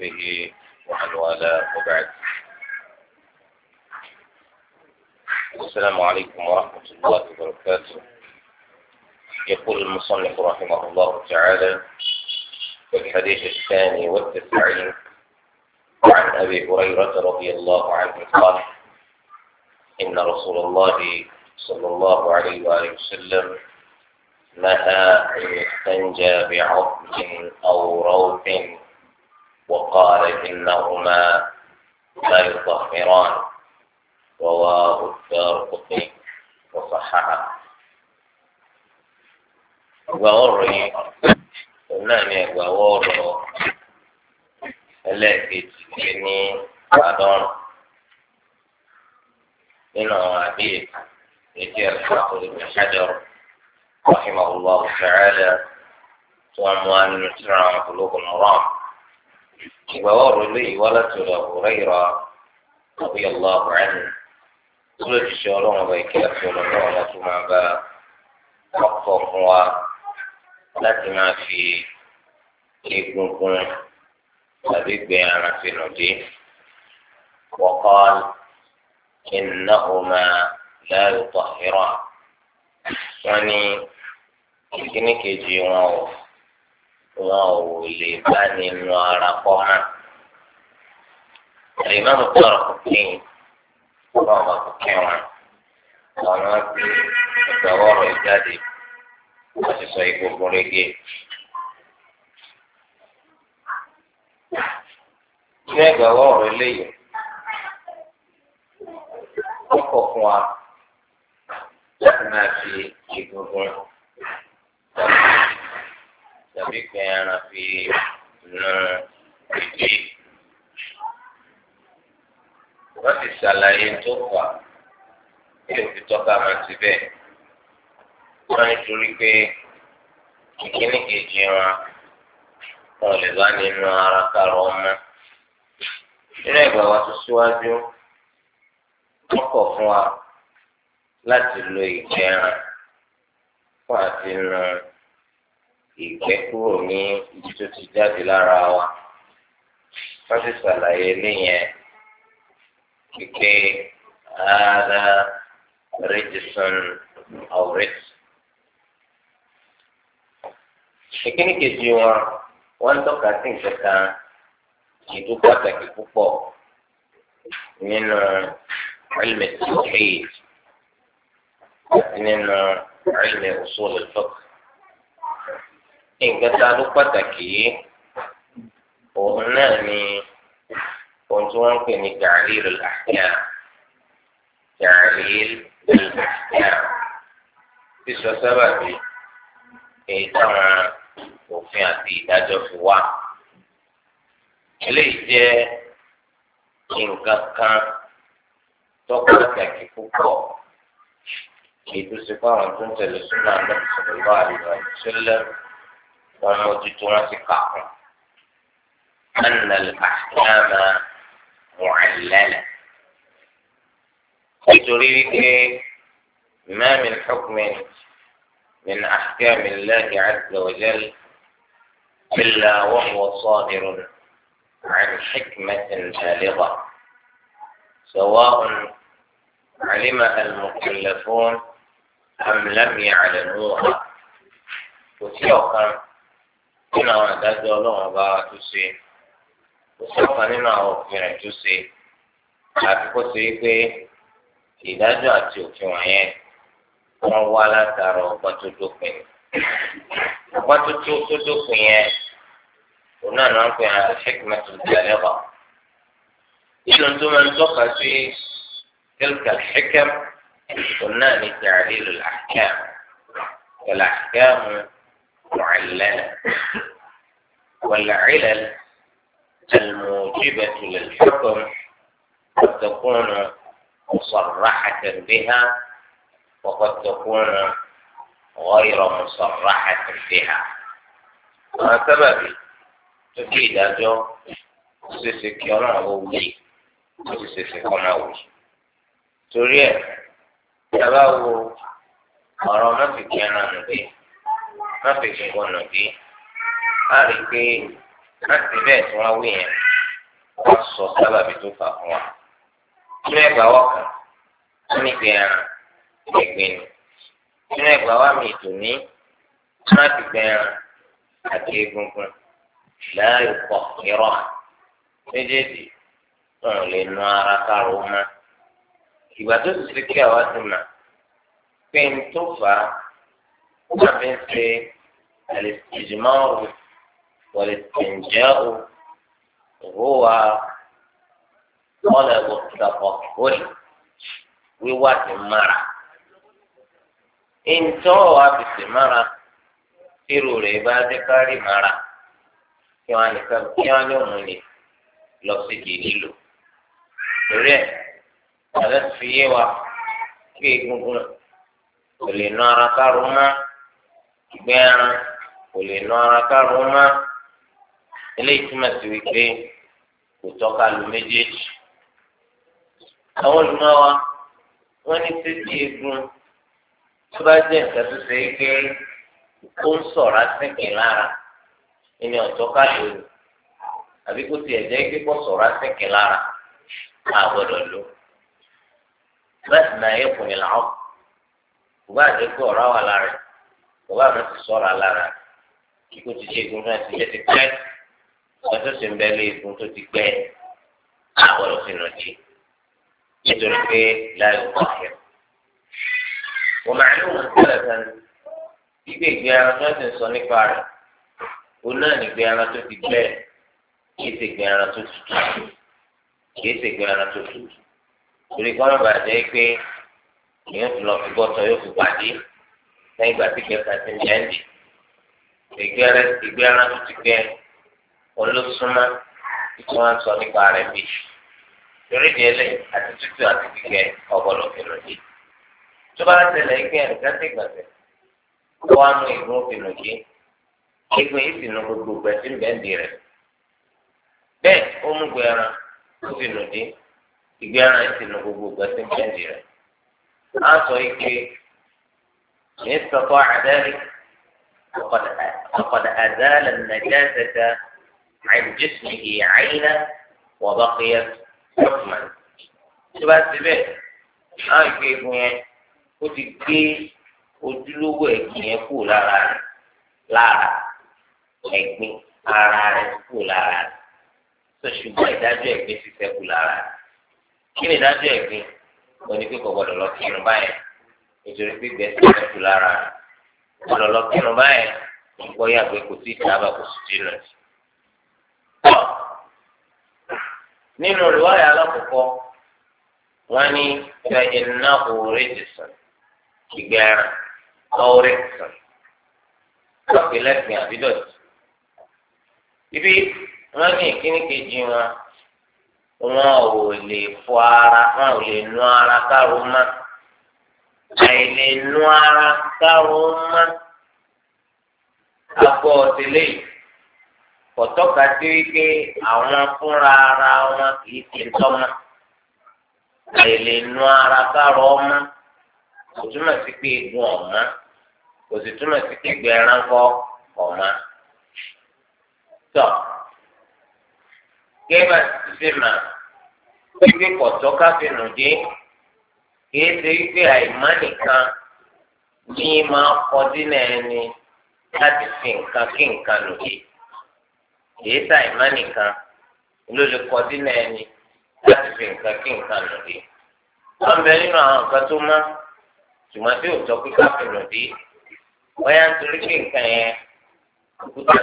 وصحبه ومن والاه وبعد السلام عليكم ورحمة الله وبركاته يقول المصنف رحمه الله تعالى في الحديث الثاني والتسعين عن أبي هريرة رضي الله عنه قال إن رسول الله صلى الله عليه وآله وسلم نهى أن يستنجى بعظم أو روح وقال إنهما ليطهران رواه الدار قطي وصححه وغري ونعني وغور الذي تجني قدر إنه عبيد يجير حقل بن حجر رحمه الله تعالى وأموال المسرع مخلوق المرام ìgbàwọ́ eléyìí wá láti ọ̀dọ̀ Hurayra radiyallahu anhu tó lè ṣiṣẹ́ ọlọ́run ọba ìkẹ́ àti ọ̀dọ̀ náà láti máa bá ọkọ̀ fún wa láti máa fi egungun tàbí gbin ara sínú dé. وقال إنهما لا يطهران يعني kíní kejì wọn ò wọn ò lè bá nínú ara pọ́ mọ́. ìmọ̀ mi tọrọ kò kéyìn ọba ọba kò kẹwọn àwọn ti ìgbàwọ́ ọ̀rọ̀ ìjáde wọ́n ti sọ ikú gúnrégé. ní ẹgbàwọ́ eléyìí wọ́n kọ̀ fún wa láti máa fi egungun tàbí pé ẹran fi nu ìdí. wọ́n ti ṣàlàyé tó fà tí òfin tọ́ka máa ti bẹ́ẹ̀. wọ́n nítorí pé ìkíní kejì wọn wọn lè bá nínú ara kárọ ọmọ. nínú ìgbà wa tó síwájú wọ́n kọ̀ fún wa láti lo ìjẹran fún àti nu ìgbẹ́ kúrò ní ibi tó ti jáde lára wa wọ́n ti ṣàlàyé léyìn kíkẹ́ ara rẹ́jísọ̀n ọ̀rẹ́t. ìkíní kejì wọn wọ́n ń tọ́ka sí nǹkan kan ìdú pàtàkì púpọ̀ nínú ilmi tawhid àti nínú ilmi usul al nǹkan tá a ló pàtàkì yìí òun náà ni ohun tí wọ́n ń pè ní ta'lil al-ahkam ta'lil al-ahkam sísọ sábàbí èyí táwọn òfin àti ìdájọ́ fi wá eléyìí jẹ́ nǹkan kan tó pàtàkì púpọ̀ èyí tó ṣe fún àwọn tó ń tẹ̀lé súnà àgbà sallallahu alaihi wa sallam. wọn mójútó أن الأحكام معللة تريد ما من حكم من أحكام الله عز وجل إلا وهو صادر عن حكمة بالغة سواء علمها المكلفون أم لم يعلموها وشوفا nínú àwọn àdájọ́ ọlọ́run ọba wa tó ṣe kò sọ́kàn nínú àwọn òfin rẹ̀ tó ṣe àti kó ṣe pé ìdájọ́ àti òfin wọ̀nyẹn wọ́n wá látara ọgbọ́n tó dópin ọgbọ́n tó tó tó dópin yẹn òun náà ló ń pè àti ṣẹ́kìmẹ́ tó tẹ̀lé wa nínú tó máa ń tọ́ka sí kílkà ṣẹ́kẹ́m òun náà ní tẹ̀lé lọ́la kẹ́m lọ́la kẹ́m. معللة والعلل الموجبة للحكم قد تكون مصرحة بها وقد تكون غير مصرحة بها وسبب تفيد أجو سيسك يرعوي سيسك يرعوي تريد تباو أرامتك يرعوي má fi fi gbọnà bí a rí i pé láti bẹ́ẹ̀ tí wọ́n wí yẹn wọ́n sọ sábàbí tó fà fún wa nínú ẹgbàá wọ̀kan wọ́n ní gbẹ̀rán ẹ̀gbìn nínú ẹgbàá wà mí ìtòní wọ́n á ti àti egungun láàyò pọ̀ irọ́ méjèèjì wọn ò lè nu ara kárò mọ́ ìgbà tó ti fi kí àwa ti mà pé n tó fà á tàbí ń ṣe al-istijmā'u o istinjāu huwa talabu at-tatahhur wíwá ti mara ìntọ́ wa fi sì mara irú rẹ̀ bá dé kárí mara kí wọ́n ní kí wọ́n ní òun lè lọ sí kì í lò torí ẹ̀ ọ̀rẹ́ ti fi yé wa kí egungun kò lè nu ara kárò máa. ìgbẹ́ ẹran kò lè nà ara kárùn má eléyìí túmọ̀ sí wípé kò tọ́ka lu méjèèjì. àwọn wọ́n ní títí egun tó bá jẹ́ nǹkan tó ṣe é pé ó ń sọ̀rọ̀ àtìkì lára ọ̀tọ́ka àbí tiẹ̀ jẹ́ pé sọ̀rọ̀ lára máa gbọ́dọ̀ lò. bẹ́ẹ̀ sì náà yẹ kùnìlà ọ̀ kò bá bàbá mi ti sọ̀rọ̀ alára kíkó ti ṣe egun náà ti ṣe ti pẹ́ ọjọ́ sì ń bẹ lé egun tó ti gbẹ àbọ̀rọ̀ sí ìrántí nítorí pé láì wọ́n àyẹ̀. wọ́n máa ní òun sílẹ̀ sẹ́ni gbígbé ìgbé ara tó ń sìn sọ nípa rẹ̀ òun náà ní ìgbé ara tó ti gbẹ kìí ṣe ìgbé ara tó tutù kìí ṣe ìgbé ara tó tutù torí kọ́nà bàjẹ́ pé èèyàn ti lọ fi bọ́tọ̀ yóò fi pàdé lẹ́yìn ìgbà tí kẹfà ti ní ẹ̀ǹdì ìgbẹ́rẹ́ ìgbẹ́rẹ́ tó ti gbẹ́ olóṣùmá tí wọ́n sọ nípa rẹ̀ bí ìrídìí ẹlẹ́ àti tútù àti gbígbẹ ọ̀gbọ̀dọ̀ fìlò yìí tó bá tẹ̀lé ìgbẹ́ ẹ̀ǹdìkan ti gbàgbẹ́ kó wá mú ìgbó fìlò yìí ìgbẹ́ yìí sì nu gbogbo ìgbẹ́ sí ìgbẹ́ǹdì rẹ̀ bẹ́ẹ̀ ó mú gbẹ́ran ó fìlò yìí ìgbẹ́ran yìí sì nu gbogbo ìgbẹ́ sí ìgbẹ́ǹdì rẹ̀ á sọ ike إن استطاع ذلك فقد فقد أزال النجاسة عن جسمه عينا وبقيت حكما تبقى سبب أنا كيف وتكي ojúlówó ẹ̀gbìn yẹn kù lára rẹ̀ lára ẹ̀gbìn ara rẹ̀ kù lára rẹ̀ tó ṣùgbọ́n ìdájọ́ ẹ̀gbìn ti ṣẹ́kù lára rẹ̀ kí ni ìdájọ́ ẹ̀gbìn òní pé kò gbọdọ̀ lọ sí irun báyẹn nítorí pé gbèsè rẹ̀ tu lára rẹ̀ ọlọlọ kírun báyẹn gbọ́ yàgbé kò sí ìtàbà kò sì ti nù. nínú olùwárí alákòókò wọn ní fẹ iná òórè jìsàn ìgbẹ́ ẹran ọ̀rẹ́ jìsàn lẹ́sìn àbídọ̀tì. ibi wọn ní ìkíní kejì wọn wọn ò lè fọ ara wọn ò lè nu ara kárò máa. àìlè nu ara káwọn má agbọ́ ọ̀tẹ̀lẹ̀ kọ̀tọ́ka tí wípé àwọn fúnra ara wọn kìí ti na àìlè nu ara káwọn ọmọ kò túmọ̀ sí pé egun ọ̀mọ́ kò sì túmọ̀ sí pé ìgbẹ́ ẹranko ọ̀mọ́ tọ́ ti mà wípé kìí ṣe wípé àìmọ́ nìkan ní máa kọjú náà ẹni láti fi nǹkan kí nǹkan lòye kìí ṣe àìmọ́ nìkan ló lè kọjú náà ẹni láti fi nǹkan kí nǹkan lòye. wọ́n bẹ nínú àwọn nǹkan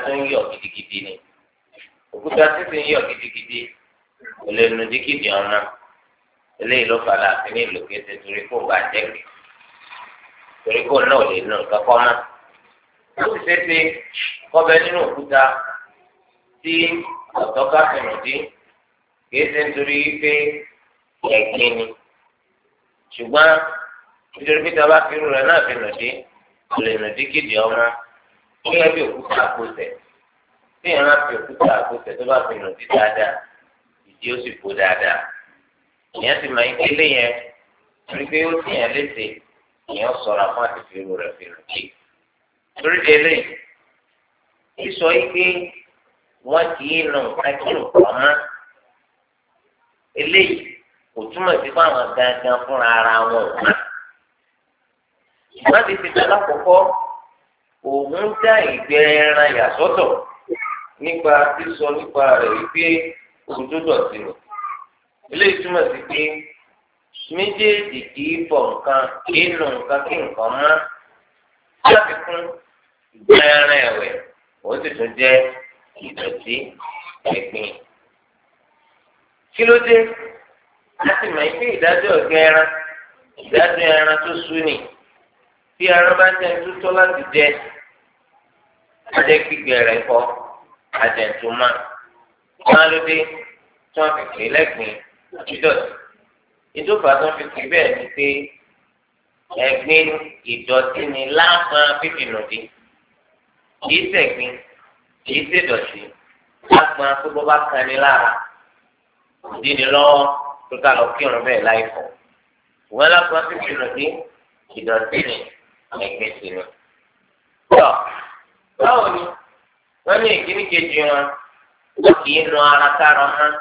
tó gidigidi ni òkúta tó ti ń yọ̀ gidigidi kò lè eléyìí ló fara àti ní ìlú kéde torí kó bá jẹ pé torí kó náà lè nù kọkọ mọ ó sì ṣeéṣe kọbẹ nínú òkúta tí ọ̀tọ̀ ká fìrù dín kìí ṣe nítorí pé ẹ̀gbin ni ṣùgbọ́n nítorí pé tàbá fìrù rẹ̀ náà fìrù dín kò lè nù dín kéde ọmọ gẹ́gẹ́ bí òkúta àkóṣẹ tí ìran fi òkúta àkóṣẹ tó bá fìrù dín dáadáa ìdí ó sì kó dáadáa ìyẹn ti máa ń gbélé yẹn torí pé ó ti yẹn léṣe ìyẹn sọ̀rọ̀ àwọn àtìfẹ́rù rẹ̀ fèrè ké torí délé sísọ yìí pé wọ́n kì í nu nǹkan kí nǹkan mọ́ eléyìí kò túmọ̀ sí fún àwọn gangan fúnra ara wọn ò má ìwọ́n ti ti tẹ́lá kọ́kọ́ òun dá ìgbẹ́ ẹran yà sọ́tọ̀ nípa sísọ nípa rẹ̀ wípé òun tó dọ̀tí rẹ̀. eléyìí túmọ̀ sí pé méjèèjì kì í bọ̀ nǹkan kì í nǹkan kí nǹkan mọ́ láti fún ìgbà ẹran ó sì tún jẹ́ ìdọ̀tí ẹ̀gbìn. kí ló dé ni bí bá jẹ́ láti jẹ ajẹ́ gbígbẹ rẹ̀ kọ́ ajẹ́ ìdọ̀tí ìdófà tó fi pè bẹ́ẹ̀ ni pé ẹ̀gbin ìdọ̀tí ni láàmán fífìnàdé kìí ṣẹ̀gbin kìí ṣèdọ̀tí láàmán tó bọ́ bá kan ní lára òdì ni lọ́wọ́ tó ká lọ kírun bẹ́ẹ̀ láì fọ̀ ìwọ́n láàmán fífìnàdé ìdọ̀tí ni ẹ̀gbin sí ni. tọ́ báwo ni wọ́n ní ìkíní kejì wọn wọ́n kì í nu ara kára hàn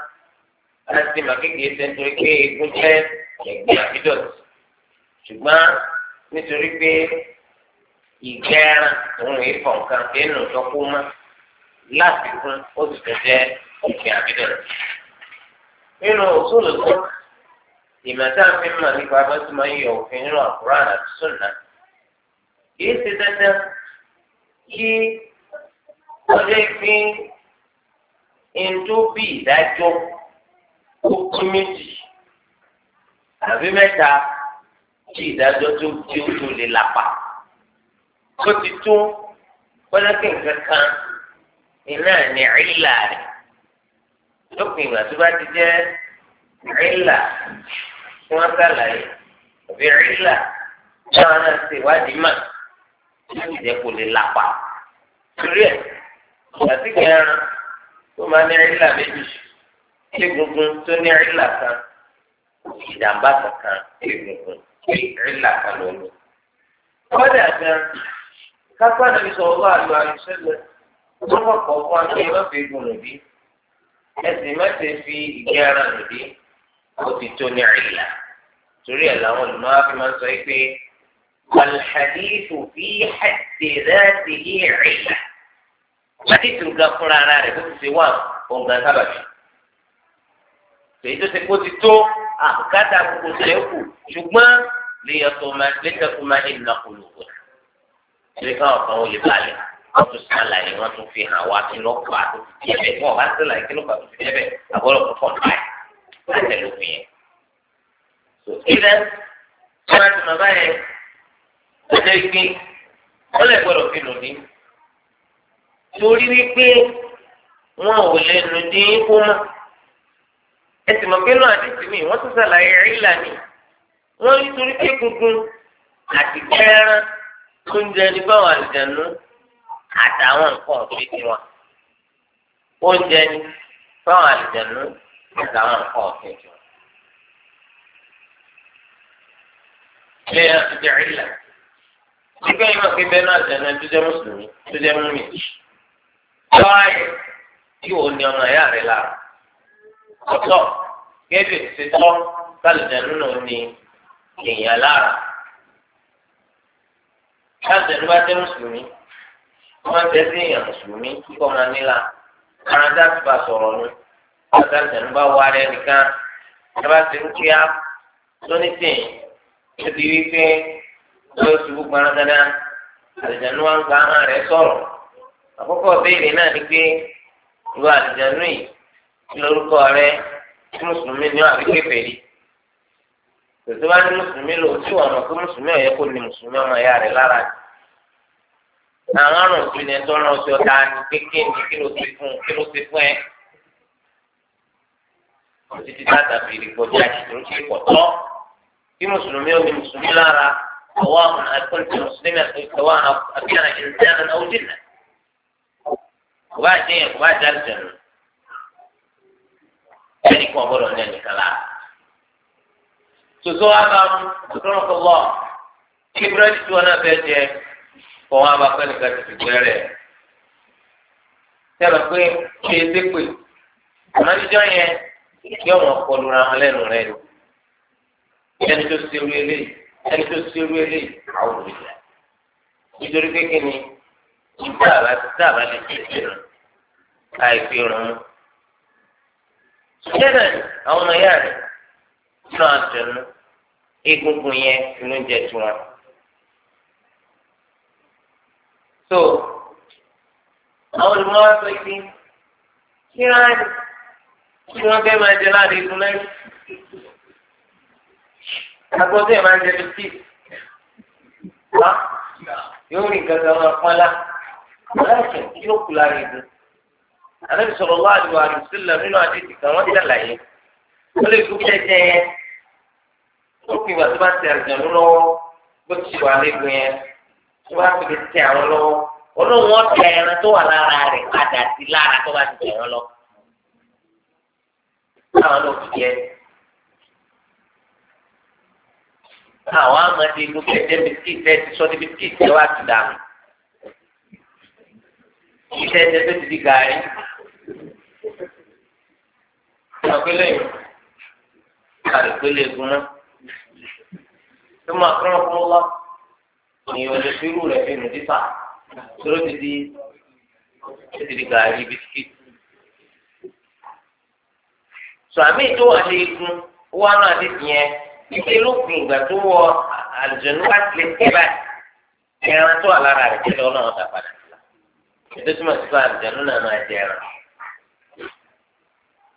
láti máa kékeré ṣe nítorí pé egun jẹ́ ẹ̀gbẹ́ àbídọ̀tì ṣùgbọ́n nítorí pé ìgbẹ́ ẹran òun ìfọ̀ nǹkan kéènù tó kú mọ́ láti kún ó sì tún jẹ́ ẹ̀gbẹ́ àbídọ̀tì. nínú òṣùlù tó ìmọ̀tá fi mọ̀ nípa bá ti máa ń yọ òfin nínú àkùrán àti sùnà kìí ṣe dandan kí ọjọ́ ìpín ìdúbì ìdájọ́ ó pín méjì àbí mẹ́ta tí ìdájọ́ tó tí ó tó lè lápá ó ti tó pẹ́lẹ́kì nǹkan kan iná ní ìlà rẹ̀ lópin ìgbà tó bá ti jẹ́ ìlà tí wọ́n sàlàyé àbí ìlà tí wọ́n náà ṣe ìwádìí mà tí ó jẹ́ kó lè lápá torí ẹ̀ àti kẹrin tó máa ní ìlà méjì egungun tó ní ìlà kan ìjàmbá kankan egungun ìlà kan ló ní. kọ́dà gan kápá nàbí sọ wọ́n àlọ́ àyùsẹ́lẹ̀ tó wọ́n kọ̀ fún akẹ́ ìwọ́fẹ́ egun nìbí ẹsìn mẹ́sẹ̀ fi ìgbé ara nìbí ó ti tó ní ìlà torí ẹ̀ làwọn olùmọ̀ fi máa ń sọ pé والحديث في حد ذاته علة. حديث قفر على رفوف سواه قم ذا سبب èyí tó ṣe kó ti tó àbùkátà gbogbo tilẹ̀ kù ṣùgbọ́n léyàtọ̀ máa létẹ̀kù máa ní ìnákùlùkù ṣe káwọn kan ó lè balẹ̀ wọ́n tún sàlàyé wọ́n tún fi hàn wá kí ló fà tó fi tiẹ̀ bẹ̀ wọ́n bá sàlàyé kí ló fà tó fi tiẹ̀ bẹ̀ àbọ̀rọ̀ kò fọ̀ báyìí láti ẹ̀ lófin yẹn. ìdá tí wọ́n ti mọ̀ báyẹn ó lè gbé ó lè gbọ́dọ̀ fi lò torí wípé wọn ò lè lò kó mọ́ ẹsìn mọ̀ pé náà àdìsí mi wọ́n tún ṣàlàyé ìlà ni wọ́n ní torí pé gungun àti kẹ́rán tó ń jẹ ní báwọn àlùjànnú àtàwọn nǹkan ọ̀sìn tiwọn oúnjẹ ní báwọn àlùjànnú àtàwọn nǹkan ọ̀sìn tiwọn. ilé yẹn ti jẹ nígbà yìí wọ́n fi bẹ́ẹ̀ náà àlùjànnú tó jẹ́ mùsùlùmí tó jẹ́ múmi. lọ́wọ́ ayé tí ọmọ ẹ̀yà rẹ̀ lára ọ̀tọ̀ kébì ti tọ́ sálìdẹ̀nu náà ní èèyàn lára. sálìdẹ̀nu bá jẹ́ mùsùlùmí wọ́n ń tẹ́sí èèyàn mùsùlùmí kíkọ́ máa nílà ara dá ti bá sọ̀rọ̀ nu sálìdẹ̀nu bá wà rẹ̀ nìkan ẹ ti ń kíá lónítìyìn ó ti wí pé ó ṣubú gbanagada àlìjánu wa ń gba ara rẹ̀ sọ̀rọ̀ àkọ́kọ́ béèrè náà ni pé ìwà àlìjánu yìí kí lórúkọ rẹ tí mùsùlùmí ni àbí kèfèrí tòtí wá ní mùsùlùmí lò tí wọn mọ̀ pé mùsùlùmí ọ̀yẹ́ kò ní mùsùlùmí ọmọ ìyá rẹ̀ lára ni àwọn àrùn òsì ni ẹjọ́ náà ṣe ọ̀tá ni pé kí ni kí ló ti fún kí ló ti fún ẹ títí látàbí ìrìgbọ̀dì àṣìṣe ṣe pọ̀ tọ́ kí mùsùlùmí ó ní mùsùlùmí lára ọwọ́ àwọn akọ́ńtì mùsùlùmí àtọ́wọ́ àbíyànà ìrìnsẹ́ àná ẹnì kan gbọ́dọ̀ ní ẹnì kan lára soso aba sọ̀rọ̀ kọlọ kí búrẹ́dì tí wọn náà fẹ́ jẹ kọ wọn abá pẹ̀lú ká tètè gbẹrẹ sẹlẹ pé kí yẹn kí ọmọ kọlu ra wọn ni ẹni tó ẹni tó àwọn nítorí ìgbà àbá tí àbá lè ṣe ṣẹlẹ àwọn ọmọ ìyá rẹ nínú àtẹnu egungun yẹn inú jẹ tiwọn so àwọn olùmọ̀ wa sọ pé kí wọn kí wọn fẹẹ máa jẹ láàrin igun náà agbọ́dọ̀ ẹ̀ máa ń jẹ bisikì wá yóò rìn kankan máa pọ́n lá kí ló kù lára igun. Ànábì sallallahu alaihi wa sallam nínú àdéhùn kan wọ́n ṣàlàyé wọ́n lè dúpẹ́ jẹ́ yẹn ó fi wà tó bá ti àjẹ̀nú lọ́wọ́ bó ti wà lẹ́gbẹ̀ẹ́ yẹn tó bá ti lè tẹ àwọn lọ́wọ́ olóhùn wọn tẹ ẹran tó wà lára rẹ̀ padà sí lára tó bá ti tẹ ẹran lọ. Táwọn náà fi jẹ́ àwọn amadi ló kẹ́kẹ́ bisikíìtì ẹ ti sọ ní bisikíìtì ẹ wá ti dànù ìṣe ẹsẹ tó ti di gàrí àpẹlẹ àpẹlẹ ìgbóná tó máa kọ́ra fún wa èèyàn lè fi irú rẹ̀ fi nù títà tó ti di tó ti di gàrí bisikíìtì sàmì tó wà lé igun wọn náà ti tiẹ̀ ìṣe lópin ìgbà tó wọ àlùjọ nígbà tí lè ẹran tó wà lára rẹ̀ tẹ́lẹ̀ Ọlọ́run dà padà. ètò túmọ̀ sí pé àlùjànnú náà máa jẹ ẹran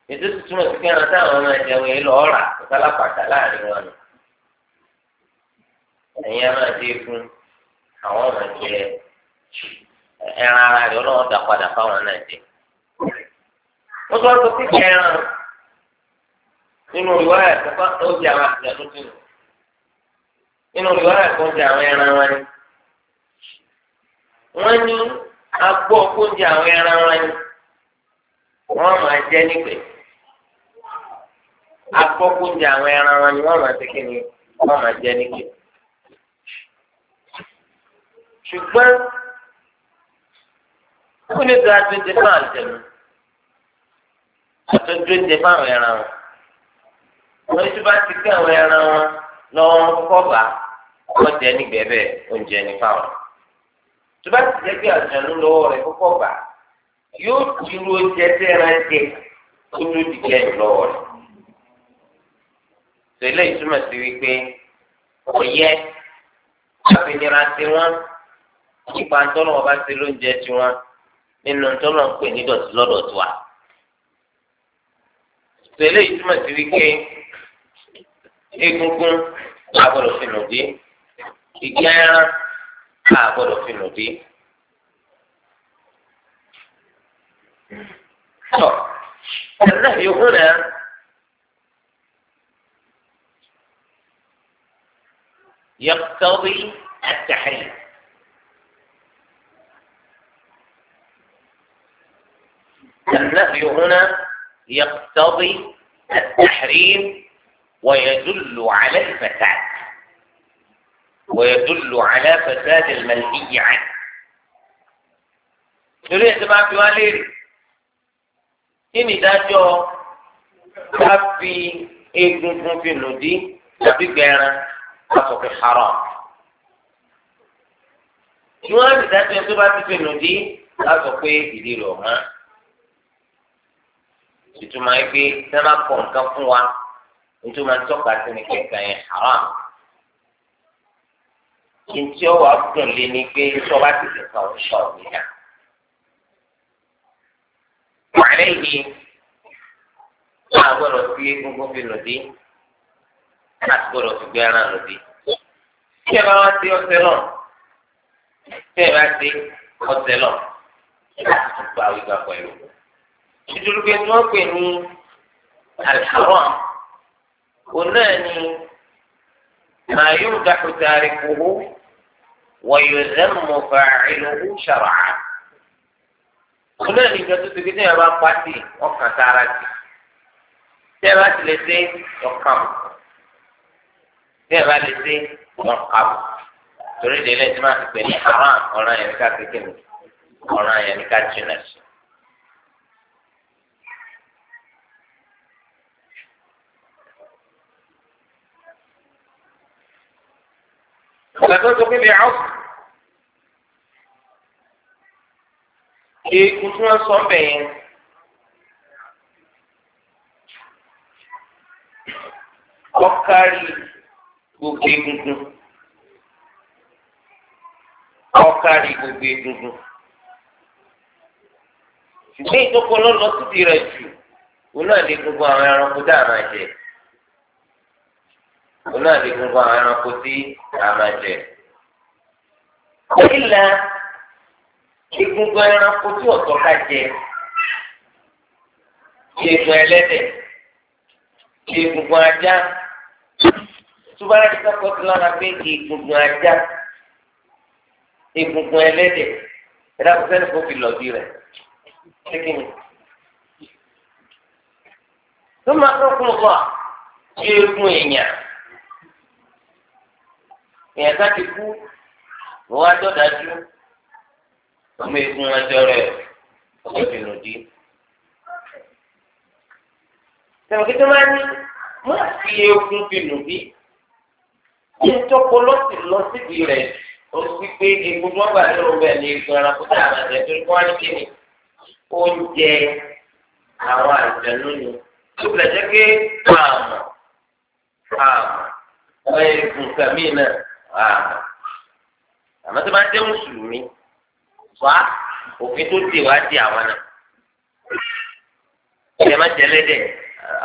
ètò túmọ̀ ẹran táwọn máa jẹ wọn lọ ọ̀rà ìsálápàtà láàrin wọn nù ẹ̀yin ẹran àti egun àwọn máa ẹran ara rẹ̀ ọlọ́wọ́ dà padà fáwọn náà jẹ wọ́n tún wá sọ ẹran nínú ìwà ẹ̀kọ́ di àwọn tó nù nínú ìwà ẹ̀kọ́ di àwọn ẹran wọn ni Agbọ oúnjẹ àwọn ẹran wọn ni máa jẹ nígbè agbó oúnjẹ àwọn ẹran wọn ni máa ti kí ni wọ́n máa jẹ nígbè ṣùgbọ́n kó ní tó atúndé fún àjẹmú àtúndé oúnjẹ fún àwọn tó bá ti jẹ́ pé àjànú lọ́wọ́ rẹ̀ kọ́kọ́ gbà yóò dúró jẹ́jẹ́ ránjẹ́ tó tó ti jẹ́ lọ́wọ́ rẹ̀. tẹ̀lé ìtumọ̀ sí wípé kò yẹ káfíńnira sí wọn nípa tọ́lọ́ wọn bá ti lóúnjẹ tí wọn nínú tọ́lọ́ ń pè ní dọ̀tí lọ́dọ̀ tó wa. tẹ̀lé ìtumọ̀ sí wípé egungun àbọ̀rọ̀ fìnnà dé ìgbẹ́ ẹran. a gbọ́dọ̀ fi nù dé. النهي هنا يقتضي التحريم النهي هنا يقتضي التحريم ويدل على الفساد ويدل على فساد المنهي عنه torí ẹ̀ tó máa fi wá léèrè kí ni ìdájọ́ ká fi egungun fi nùdí tàbí gbẹran aṣọ fi haram ni wọ́n á ti dájọ́ tó bá ti fi nùdí láṣọ ìdí rẹ̀ ọ̀mọ́ ìtumọ̀ ẹgbẹ́ sábà kọ̀ fún wa ìtumọ̀ tọ́ka sí ni yẹn haram ntí ọ wà dùn lé ní pé tí ọba ti fi kàn ọṣọ òmìnira. Wàhálà yìí máa gbọ́dọ̀ sí egungun fi lòdì láti fi gbé ara lòdì. Tí ẹ bá wá sí ọsẹ náà, tí ẹ bá sí ọsẹ náà, láti gba ìgbà pẹ̀lú. Nítorí pé tí wọ́n pè ní àlùfáà, òun náà ni màá yóò dákúta rẹ̀ kúrú. ويذم فاعله شرعا فلان يجوز تجد يا باب باتي وكان سارتي تبات لسي يقام تبات لسي يقام تريد إليه ما تكوني حرام ولا يمكن تكوني ولا يمكن تكوني ìgbàgbọ́ tó kéde àwọn. eku tí wọ́n sọ bẹ̀ yẹn. ọkàrí gbogbo egungun ọkàrí gbogbo egungun ṣùgbọ́n ìtọ́kọ lọ́lọ́ títí rẹ̀ jù òun náà lè gbogbo àwọn ẹranko dáhùn àjẹ́ òun náà lè gbogbo àwọn ẹranko tí a máa jẹ. ìlà egungun ẹranko tí ọ̀tọ̀ ká jẹ egun ẹlẹ́dẹ̀ egungun ajá tubara ti ká kọ́tù lára pé egungun ajá egungun ẹlẹ́dẹ̀ ẹ̀dá kò sẹ́ni kò fi lọ́ọ̀dì rẹ̀ ṣékìní. tó máa tó kún un bọ̀ egun èèyàn èèyàn ká ti kú wọ́n wá dọ́ dájú ọmọ egun ẹjọ́ rẹ̀ ọkọ̀ ìdùnnú di. sọ̀rọ̀ kí tó máa ní mú àti egun bínú bí ní tọ́kọ lọ́sì lọ síbi rẹ̀ ó wí pé egun tó wà nínú bẹ́ẹ̀ ní egun ẹranko tá a máa jẹ torí kó wá ní kíni oúnjẹ àwọn àjẹnú ni tó bẹ̀rẹ̀ jẹ́ pé pààmù pààmù ọ̀yẹ̀ egun náà àmọ́ ah. àmọ́ tó bá jẹ́ mùsùlùmí wá òfin tó dé wá di àwọn náà ẹ má jẹ ẹlẹ́dẹ̀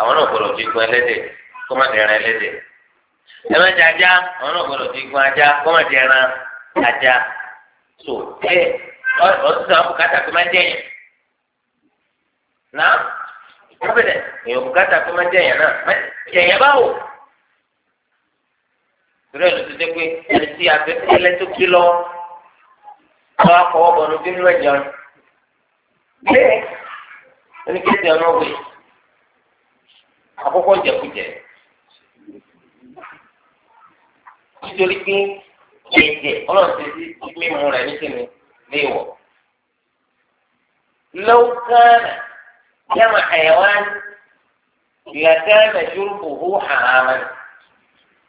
àwọn náà gbọ́dọ̀ fi gun ẹlẹ́dẹ̀ kó má dẹran ẹlẹ́dẹ̀ ẹ má jẹ ajá àwọn náà gbọ́dọ̀ fi gun ajá kó má dẹran ajá tó ẹ ọtún àwọn bùkátà tó má jẹ yẹn náà ó bẹ̀rẹ̀ èèyàn bùkátà tó má jẹ yẹn náà jẹ yẹn báwo torí ẹni tó dé pé ẹni tí abẹ́fẹ́lẹ́ tó gbé lọ wọ́n á kọ́wọ́ bọ̀ ní bínú ẹ̀jẹ̀ rẹ̀ bẹ́ẹ̀ ẹni kéde ọ̀nà wẹ̀ àkọ́kọ́ jẹkújẹ nítorí pé ẹ̀jẹ̀ ọlọ́run ti di mímu rẹ̀ níkẹ́ni léèwọ̀ lọ́wọ́ kánà yàmà àyẹ̀wò àná ìyàtọ̀ àná ṣùgbọ́n òhù hàrámà.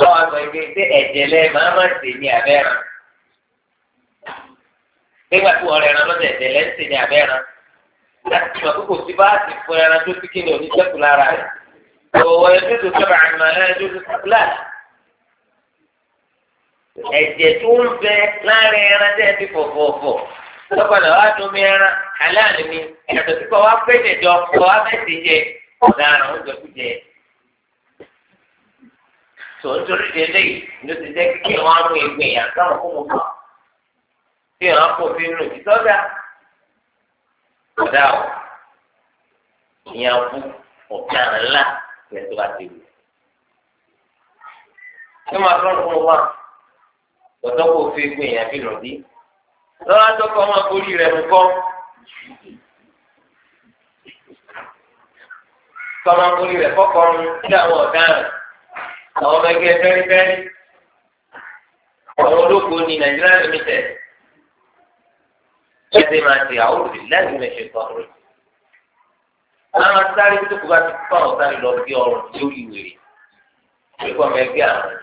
lọ àgbà ìgbé pé ẹ̀jẹ̀ lẹ máa má sè ní abẹ́ràn nígbà tí wọ́n rẹ̀ ẹran ẹ̀jẹ̀ lẹ ń sè ní abẹ́ràn láti mọ̀ kókò tí bá ti fún ẹran tó ti kíni oníṣẹ́kù lára rẹ̀ òwò ẹjọ́ tó sọ̀rọ̀ àmọ́ ẹjọ́ tó sọ̀rọ̀ láti ẹ̀jẹ̀ tó ń bẹ láàrin ẹran tẹ́ ti fọ̀fọ̀fọ̀ lọ́kọ̀dà wá dùn mí ẹran aláàánú mi ẹ̀jọ̀ tó ń torí délé ló ti jẹ́ kí wọ́n á mú egbò èèyàn sáwọn kó mo kọ́ tí wọ́n á kó fi nù títọ́ dá ọ̀dà ọ̀ ìyẹn fún ọ̀gá ńlá lẹ́tọ́ bá ti wù. ṣé máa tọ́ fún wa lọ́tọ́ kó fi egbò èèyàn fi nù bí lọ́wọ́ àtọ́kọ́ máa borí rẹ̀ mú kọ́. Sọ́mọ́ borí rẹ̀ kọ́kọ́ ń kí àwọn ọ̀daràn àwọn ọmọ ẹgbẹ́ fẹ́rẹ́fẹ́rẹ́ àwọn olóko ní nàìjíríà limited ẹsẹ̀ máa ti àwọn olùdílẹ́sìn mẹ́sẹ̀ kọ́ọ̀rọ̀ àwọn sáré tó kó bá ti kó àwọn sáré lọ bí ọrùn tí ó yí wèrè ìkọ́ ọmọ ẹgbẹ́ àwọn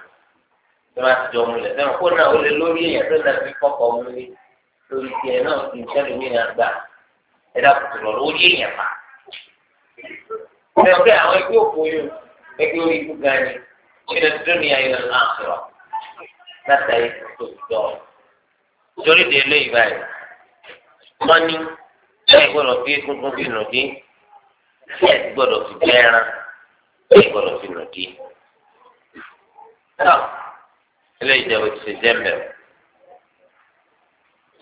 tó máa ti jọ múlẹ̀ fẹ́ràn kó náà ó lè lórí èèyàn tó náà fi kọ́kọ́ múlẹ̀ lórí tiẹ̀ náà kì í sẹ́ni mí náà gbà ẹ̀dá kùtù lọ lórí èèyàn pa. ẹ̀rọ من الدنيا إلى الآخرة متى يسقط الدار تريد إليه بعد mọ́ní ẹ gbọ́dọ̀ fi egungun fi nù dí ẹ gbọ́dọ̀ fi jẹ́ran ẹ gbọ́dọ̀ fi nù dí. ilé ìjẹun ti ṣe jẹ́ mẹ́rin.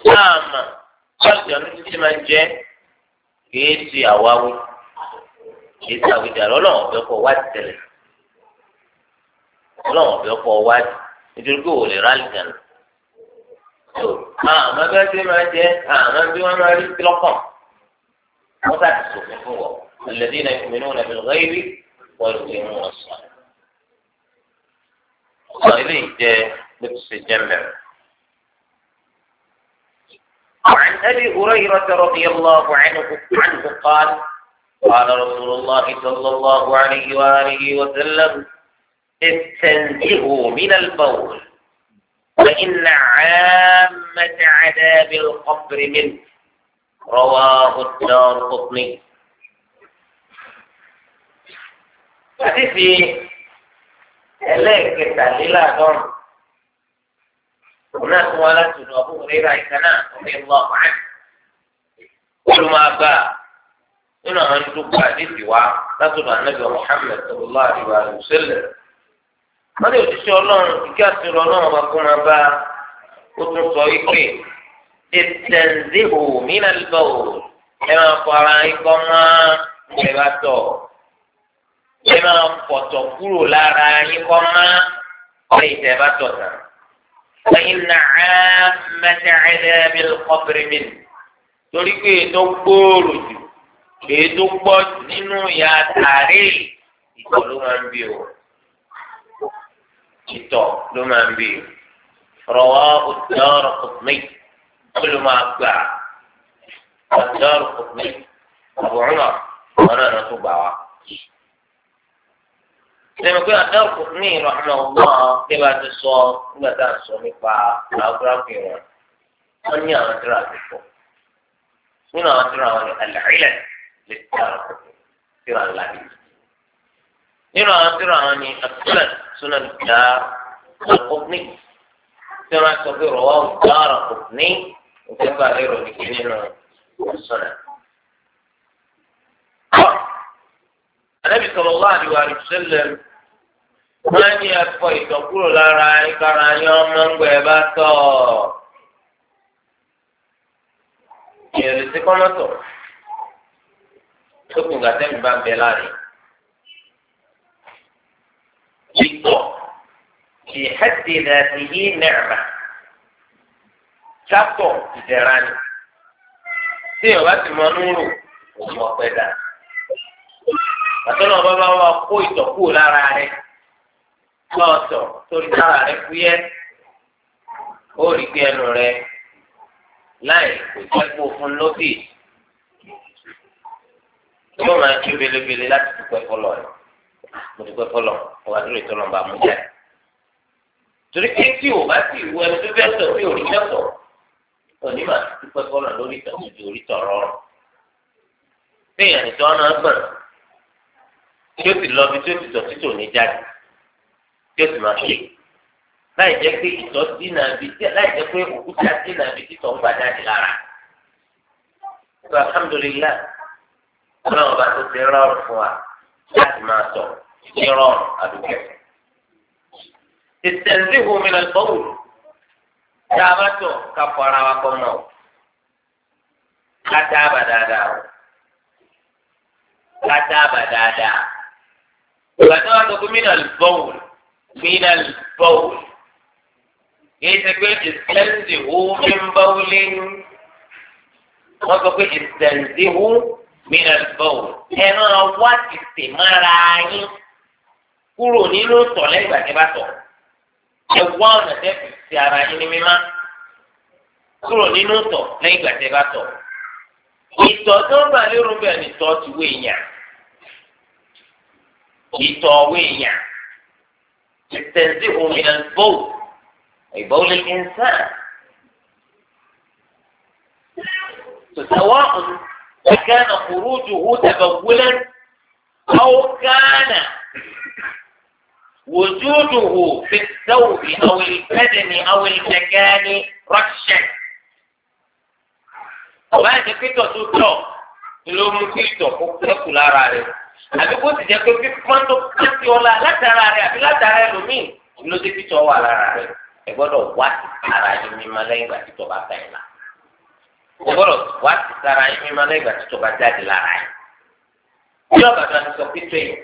sáàmà ọ̀sẹ̀ ọ̀nà títí máa ń jẹ́ kìí ṣe àwáwí kìí ṣe àwíjàre ọlọ́run ọ̀bẹ kọ wá ọlọ́run ọ̀bẹ ọkọ̀ wájú nítorí pé òòlè rálì gànà. àmọ́ bí wọ́n ti máa jẹ àmọ́ bí wọ́n máa rí lọ́kàn wọ́n sá ti so fún wọ́n ẹlẹ́dí náà ìfúnmi náà lẹ́bi lọ́gá ibi wọ́n lè fi wọn sọ. ọ̀sán ilé ìjẹ bí ti ṣe jẹ́ mẹ́rin. وعن ابي هريره رضي الله عنه عنه قال قال رسول الله صلى الله عليه واله وسلم استنزهوا من البول فإن عامة عذاب القبر منه رواه الدار قطني حديثي إليك تعليلا دون هناك ولد أبو هريرة كان رضي الله عنه كل ما باع هنا أن تبقى لا وعلى النبي محمد صلى الله عليه وسلم lọ́dọ̀ òṣìṣẹ́ ọlọ́run ìkí àtúrò ọlọ́run ọba kó máa bá ó tún sọ wípé ìtẹ̀nzíhò mínà lọ ò ẹ máa fọ ara ikọ́ máa ẹ bá tọ̀ ẹ máa fọ̀tọ̀ kúrò lára ikọ́ máa ọ̀rẹ́ ìtẹ̀ bá tọ̀ tán. فإن عامة عذاب القبر منه torí pé ètò gbòòrò jù ètò pọ̀ nínú ìyà tààrí ìtọ̀ ló máa ń bí o. ìtọ̀ ló máa ń bì rọwá òdòdó kùtùmí olùmọ̀gbà òdòdó kùtùmí àbùrùmọ̀ wọn náà tó gbà wá. lẹ́nu pé àdó kùtùmí ìrọ̀lẹ́ ọgbọ́n nígbà tiba tu tá à ń sọ nípa àwòrán wọn wọ́n ní àwọn tíra àdúgbò nínú àwọn ni àlàyé lè tíra tíra ńlá nínú àwọn tíra wọn ni alaye le tira tira nla ninu awon tira ni atunto sunan dar al-qutni tí wọ́n sọ pé rọwọ́ dar al-qutni nǹkan bá lérò nìkí nínú sunan. Ànábì sallallahu alaihi wa sallam wọ́n ní ẹ̀fọ́ ìtọ̀kúrò lára ìkara yẹn ọmọ ń gbẹ bá tọ̀. Ìrètí kọ́mọ́tò tó kùn gàtẹ́mi bá ń bẹ láàrin. في حد ذاته نعمة sápọ̀ ìdẹ̀ra ni tí ìwà ti mọ núrò òun ọ̀pẹ dà àtọ́nà bàbá wa kó ìtọ̀kù lára rẹ lọ́ọ̀tọ̀ torí lára rẹ fúyẹ́ ó rí pé ẹnu rẹ láì kò jẹ́ kó fún lóbì yóò máa ju belebele láti dúpẹ́ fọlọ́ rẹ mo dúpẹ́ fọlọ́ ọ̀gá tó lè tọ́lọ́ bá mú jáde torí pé tí o bá sì wọ ẹni tó fẹ́ sọ pé òní lẹ́tọ̀ òní mà dúpẹ́ fọlọ́ lórí ìtọ́jú ju orí tọ̀rọ̀ téèyàn ìtọ́ náà gbọ̀n tí ó sì lọ bí tí ó sì sọ títò ní jáde tí ó sì máa fi láì jẹ́ pé ìtọ́ dínà bí láì jẹ́ pé òkúta dínà bí títọ̀ ń gbà jáde lára. ìgbà alhamdulilá ọlọ́run bá tó ti rọrùn fún wa láti máa sọ ní rọrùn àdúgbò ìtẹ̀síhù mi lọ sọ́wọ́ tá a bá tọ̀ ká fọ ara wa kọ́ mọ́ o ká dáàbà dáadáa o ká dáàbà dáadáa ìgbà tí wọ́n sọ pé mínà lùbọ́wò mínà lùbọ́wò pé ìtẹ̀síhù mi ń bọ́wò wọ́n sọ pé ìtẹ̀síhù mínà lùbọ́wò ẹ̀ máa ti tè mára yín kúrò nínú tọ̀ lẹ́gbàá ẹ wá ọ̀nà tẹ́kù sí ara yín ní mímá kúrò nínú tọ̀ lẹ́yìn ìgbà tẹ́ bá tọ̀. ìtọ̀ tó ń bà lérò bẹ́ẹ̀ ni tọ́ ti wé èèyàn ìtọ̀ wé èèyàn tẹ̀sí omi ẹ̀ bọ́ọ̀ ìbọ̀wò lè fi ń sàn. سواء كان خروجه تبولا أو كان وجوده في الثوب أو البدن أو المكان رشا ọba ti pítọ̀ tó tọ̀ ló mú pítọ̀ kó kẹ́kù lára rẹ̀ àbí kó sì jẹ́ pé pípọ́n tó káàtì ọ̀la látara rẹ̀ àbí látara ẹlòmíì ló ti pítọ̀ wà lára rẹ̀ ẹ gbọ́dọ̀ wá sí ara yín mímọ́ lẹ́yìn ìgbà títọ̀ bá bá yín la ẹ gbọ́dọ̀ wá sí ara yín mímọ́ lẹ́yìn ìgbà títọ̀ bá jáde lára yín. bí ọ̀bàdàn ti sọ pítọ̀ yìí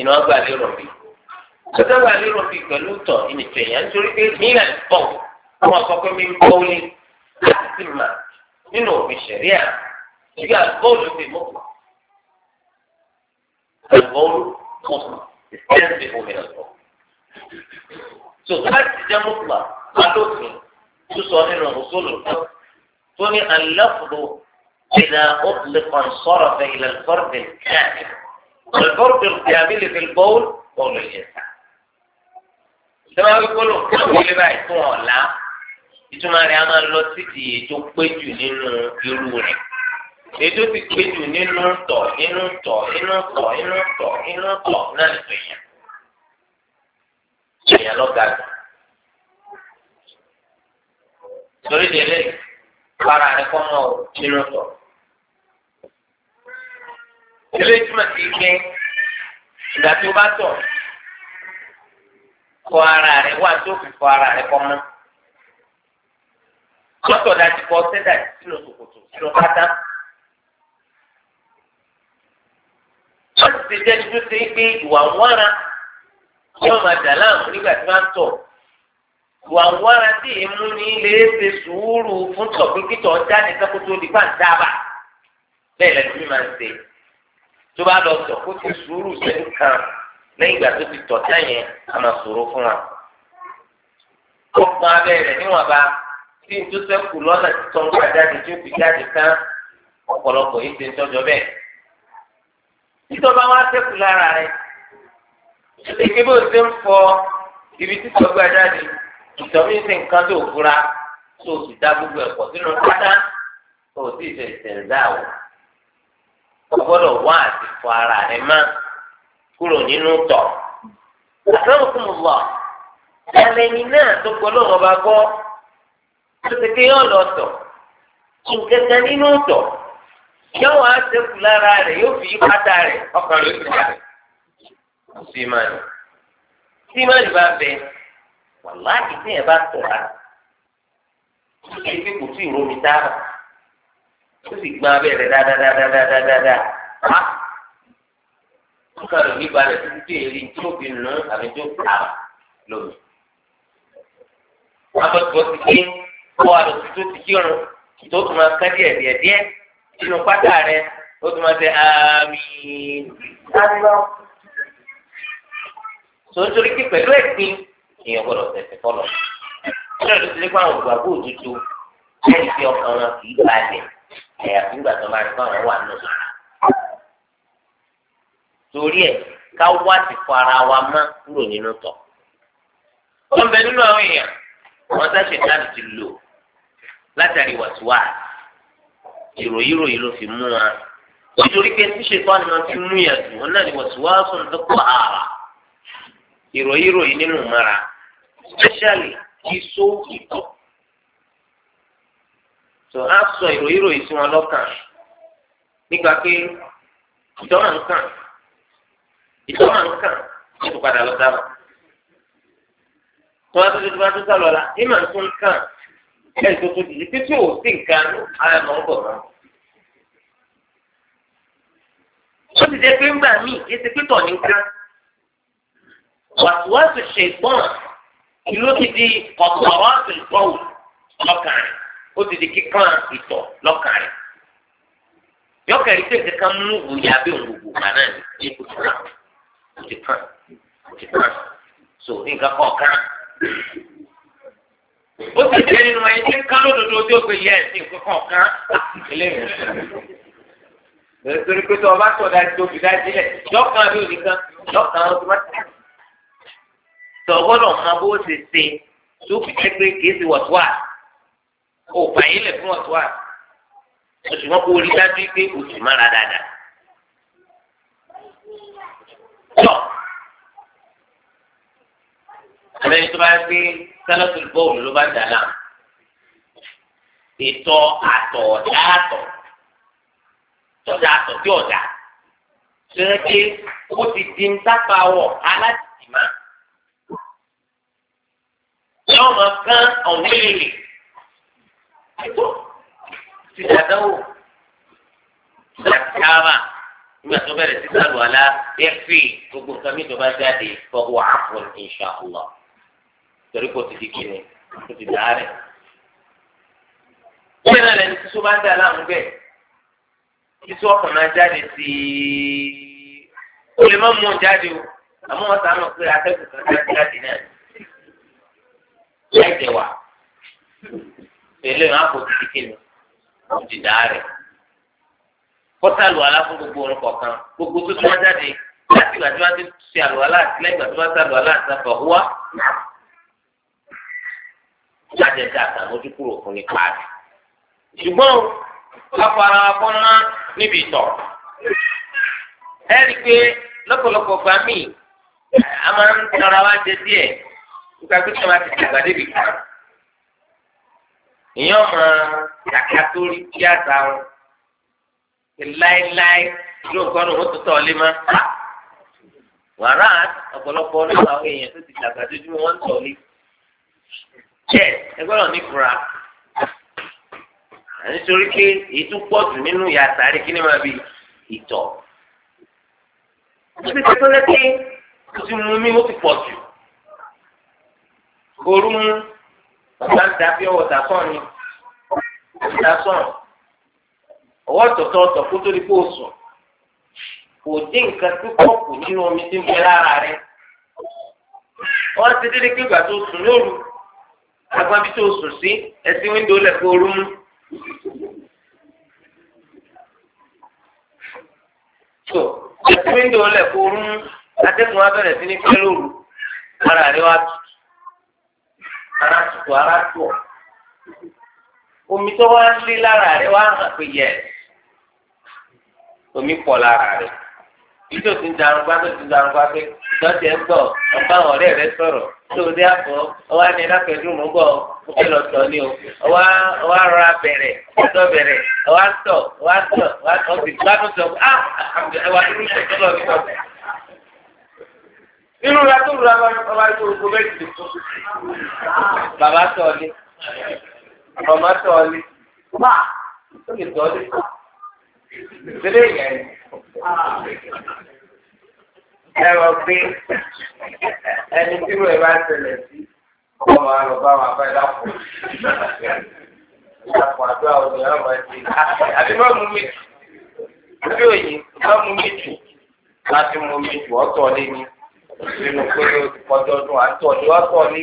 ìnáwó gbàdúrà bíi sọdọ́gba lérò bíi pẹ̀lú tọ̀ ìnìtọ̀ èèyàn nítorí pé mílà ń bọ̀ wọn kọ́ pé mi ń bọ́ lé láti mà nínú òfin ṣẹ̀ríà ìgbà bọ́ọ̀lù fi mú pọ̀ bọ́ọ̀lù mú pọ̀ ìfẹ́ǹ fi omi rẹ̀ pọ̀. tó láti jẹ́ mú pọ̀ alófin tó sọ nínú òṣòlù tó ní aláfòló إذا أطلق انصرف إلى الفرد الكامل والفرد الكامل في البول قول الإنسان ìjọba wípé ló kọ́ ìwọlé báyìí fún ọ̀la ìtumọ̀ rẹ̀ a máa lọ títí ètò péjù nínú irú rẹ̀ ètò ti péjù nínú tọ̀ nínú tọ̀ nínú tọ̀ nínú tọ̀ nínú tọ̀ náà nìkan èèyàn èèyàn lọ́gà jù torí délé para rẹ̀ kọ́ mọ́ ọ nínú tọ̀ ilé ìtumọ̀ ti gbé ìgbà tí o bá tọ̀ kọ ara rẹ̀ wá tó fi kọ ara rẹ̀ kọ́ mọ́. lọ́tọ̀ dájú kọ sẹ́dà sínú kòkòtò sínú pátá. wọ́n ti jẹ́ tó ṣe é pé ìwà wọ́nra yóò máa dà láàmú nígbà tí wọ́n tọ̀. ìwà wọ́nra tí èémú ní ilé ṣe sùúrù fún tọ̀pẹ́kítọ̀ jáde sákòtò ní pàǹtàbà bẹ́ẹ̀ lẹ́nu mi máa ń ṣe tó bá lọ sọ kó ti sùúrù sẹ́yìn kan. lẹ́yìn ìgbà tó ti tọ̀ sẹ́yìn a máa fún wa. ó pọn abẹ́rẹ́ níwọ̀nba tí n tó sẹ́kù lọ́nà títọ́ nígbà jáde tí ó fi jáde tán ọ̀pọ̀lọpọ̀ yìí ti ń tọ́jọ́ bẹ́ẹ̀. títọ́ba wá sẹ́kù lára rẹ̀ fọ ibi títọ́ gbà jáde ìtọ́mí ṣe nǹkan tó fura tó sì dá gbogbo sínú pátá tó o. ọgbọ́dọ̀ wá àti fọ ara rẹ̀ máa. kúrò nínú tọ̀. àtàwọn fún mi wà ẹlẹ́ni náà tó gbọ́ lọ́wọ́ bá gbọ́ tó ti ké yọ̀ lọ tọ̀ nǹkan kan nínú tọ̀ yóò wá sẹ́kù lára rẹ̀ yóò fi pátá rẹ̀ ọkàn rẹ̀ fi rà rẹ̀. símáàlì símáàlì bá bẹ wàláàkì tí yẹn bá tọ̀ rà kí kò tí ì romi táàbà ó sì gbọ́n abẹ́rẹ́ dáadáa ó kàn lómi balẹ̀ títí tí èrí tí ó fi nù àbí tó ta lómi. abọ́tọ̀ ti ké kó àlọ́ tí tó ti kírun tó tún máa ká díẹ̀ díẹ̀ díẹ̀ nínú pátá rẹ ó tún máa ṣe àmì sábà. sọ́ntorí kí pẹ̀lú ẹ̀sìn èèyàn gbọ́dọ̀ tẹ̀sẹ̀ fọlọ̀. ó lọ́ọ́ ló ti lé fún àwọn ìgbàgbọ́ òdodo láì fi ọkàn wọn kì í balẹ̀ ẹ̀yà fún ìgbà tó máa rí fún àwọn wà nù sọ̀rọ̀. torí ẹ ká wá ti fọ ara wa mọ́ kúrò nínú tọ wọ́n bẹ nínú àwọn èèyàn wọ́n sáṣẹ náà ti lò látàrí wàsíwà ìròyìn ló fi mú wa nítorí pé ṣíṣe tó àná ti mú yẹn dùn wọn náà ni sùn tó àrà ìròyìnròyìn nínú mara especially iṣó tó sọ ìtọ́nà ń kàn ètò padà lọ dáná tó bá tó tó bá tó sálọ la ìmọ̀ tó ń kàn ẹ̀ tó tó dìde títí ò sí nǹkan ara ẹ̀ mọ̀ ń bọ̀ náà. ó ti jẹ́ pé ńgbà míì kí ẹsẹ̀ pé tọ̀ ní ká wàtúwàtú ṣe gbọ́n ìlú ti di ọ̀pọ̀wàtú ìgbọ́wò lọ́kàn rẹ̀ ó ti di kíkan ìtọ̀ lọ́kàn rẹ̀ yọkẹ̀rì pé nǹkan kan mú wòye abẹ́ òun gbogbo kan náà ní ìkùsùn náà kò ti tán kò ti tán so nǹkan kọ̀ọ̀kan ó sì jẹ́ nínú ẹni tí ń ká lódodo tí ó pe yẹ ẹ̀sìn nǹkan kọ̀ọ̀kan eléyìí torí pé tí ọba tó dájú tó fi dájú lẹ̀ lọ́kàn bí oníkan lọ́kàn ó ti má tẹ̀. tọ̀gbọ́dọ̀ máa bó ṣe ṣe tó fi jẹ́ pé kìí ṣe fàyín lẹ̀ fún wọ̀túwà oṣù wọn kò dájú pé oṣù mára dáadáa. abẹ́ni tó bá ń gbé sálọ́tù bọ́ọ̀lù ló bá dà náà ètò àtọ̀ ọ̀dà àtọ̀ tọ́jà àtọ̀ tí ọ̀dà ṣẹlẹ̀ pé ó ti di ń sápá wọ̀ alátìmá yóò máa kán ọ̀wéèrè ètò ti dàdáwò láti ara nígbà tó bẹ̀rẹ̀ ẹ̀fì gbogbo nǹkan mi tó bá jáde fọwọ́ àpò insha torí kò ti di kíni kò ti dà á rẹ̀. Bí ẹ̀rọ rẹ̀ ní sísú bá ń dà láàmú bẹ́ẹ̀, sísú ọkàn máa jáde sí i. O lè má mú un jáde o, àmọ́ wọn sàánù pé atẹ́gùn kan jáde jáde náà. Láì jẹ wà, pẹ̀lú ìwọ̀n àpò ti di kíni kò ti dà á Kọ́tà lù alá fún gbogbo orun kọ̀ọ̀kan, gbogbo tó tó jáde láti ìgbà tí wọ́n ti ṣe àlùwalá àti lẹ́yìn tí wọ́n ti ṣàlùwalá àti àfọ̀húwá jáde dá àtàmójú kúrò fún nípa rẹ̀ ṣùgbọ́n káfara wa fọ́n ná níbi ìtọ̀ ẹ rí i pé lọ́pọ̀lọpọ̀ gbà mí a máa ń tara wa jẹ díẹ̀ nípa pé kí wọ́n ti dàgbà débi kan èèyàn máa kàkà sórí kí àtà wọn láéláé lóòótọ́ ni wọ́n tó tọ̀ lé máa wàrà ọ̀pọ̀lọpọ̀ ọlọ́pàá èèyàn tó ti dàgbà dójú wọn tọ̀ lé jẹ ẹ gbọ́dọ̀ nífura nítorí pé èyí tó pọ̀ jù nínú ìyá àtàrí kí ni máa bi ìtọ̀ ó ti tẹ́tọ́ lẹ́kẹ́ ó ti mú mi ó ti pọ̀ jù ooru mu ọ̀gá ń dàbí ọwọ́ tàṣán ni tàṣán ọwọ́ tọ̀tọ̀ ọ̀tọ̀ kó tó di kó o sùn kò dín nǹkan tó pọ̀ kù nínú omi tí ń bẹ lára rẹ wọ́n ti dídí pé ìgbà tó sùn lóru agbábí tó sùn sí ẹsí wíńdò lẹkọ ooru mú. tó ẹsí wíńdò lẹkọ ooru mú atẹ́gùn abẹ́rẹ́ sí ní fẹ́ lóru ara rẹ wá tutù ara tutù ara tù ọ omi tó wá lé lára rẹ wá hàn pé yẹ omi pọ̀ lára rẹ bí tó ti ń darúgbá tó ti ń darúgbá pé ìtọ́jú ẹ gbọ́ ọba ọ̀rẹ́ rẹ sọ̀rọ̀. lóòdì àpọ̀ ọwọ́ àmì ìdákẹ́jú mú bọ̀ òkè lọ́tọ̀ ni o ọwọ́ ara bẹ̀rẹ̀ ọ̀tọ̀ bẹ̀rẹ̀ ọwọ́ àtọ̀ ọwọ́ àtọ̀ ọwọ́ ah, àtọ̀ ti gbádùn sọ á ẹwà dúró ṣe tó lọ nípa bẹ̀. inú ra tó rura ọba ètò òkú méjì lè tó. bàbá tọ̀ ọ́ ọmọ tọ̀ ọ́ má ó lè tọ̀ ọ́ ẹ̀rọ pé ẹni tí wọ́n bá tẹ̀lé sí ọmọ àlùbá wọn abẹ́ dàpọ̀ dàpọ̀ àdúrà òní ọmọ ẹ̀sìn àti bá mú mi ojú òyìn bá mú mi jù láti mú mi jù ọ̀tọ̀ lé ní nínú pé ó ti kọjọ́ ọdún àtọ̀ ní ọ̀tọ̀ lé.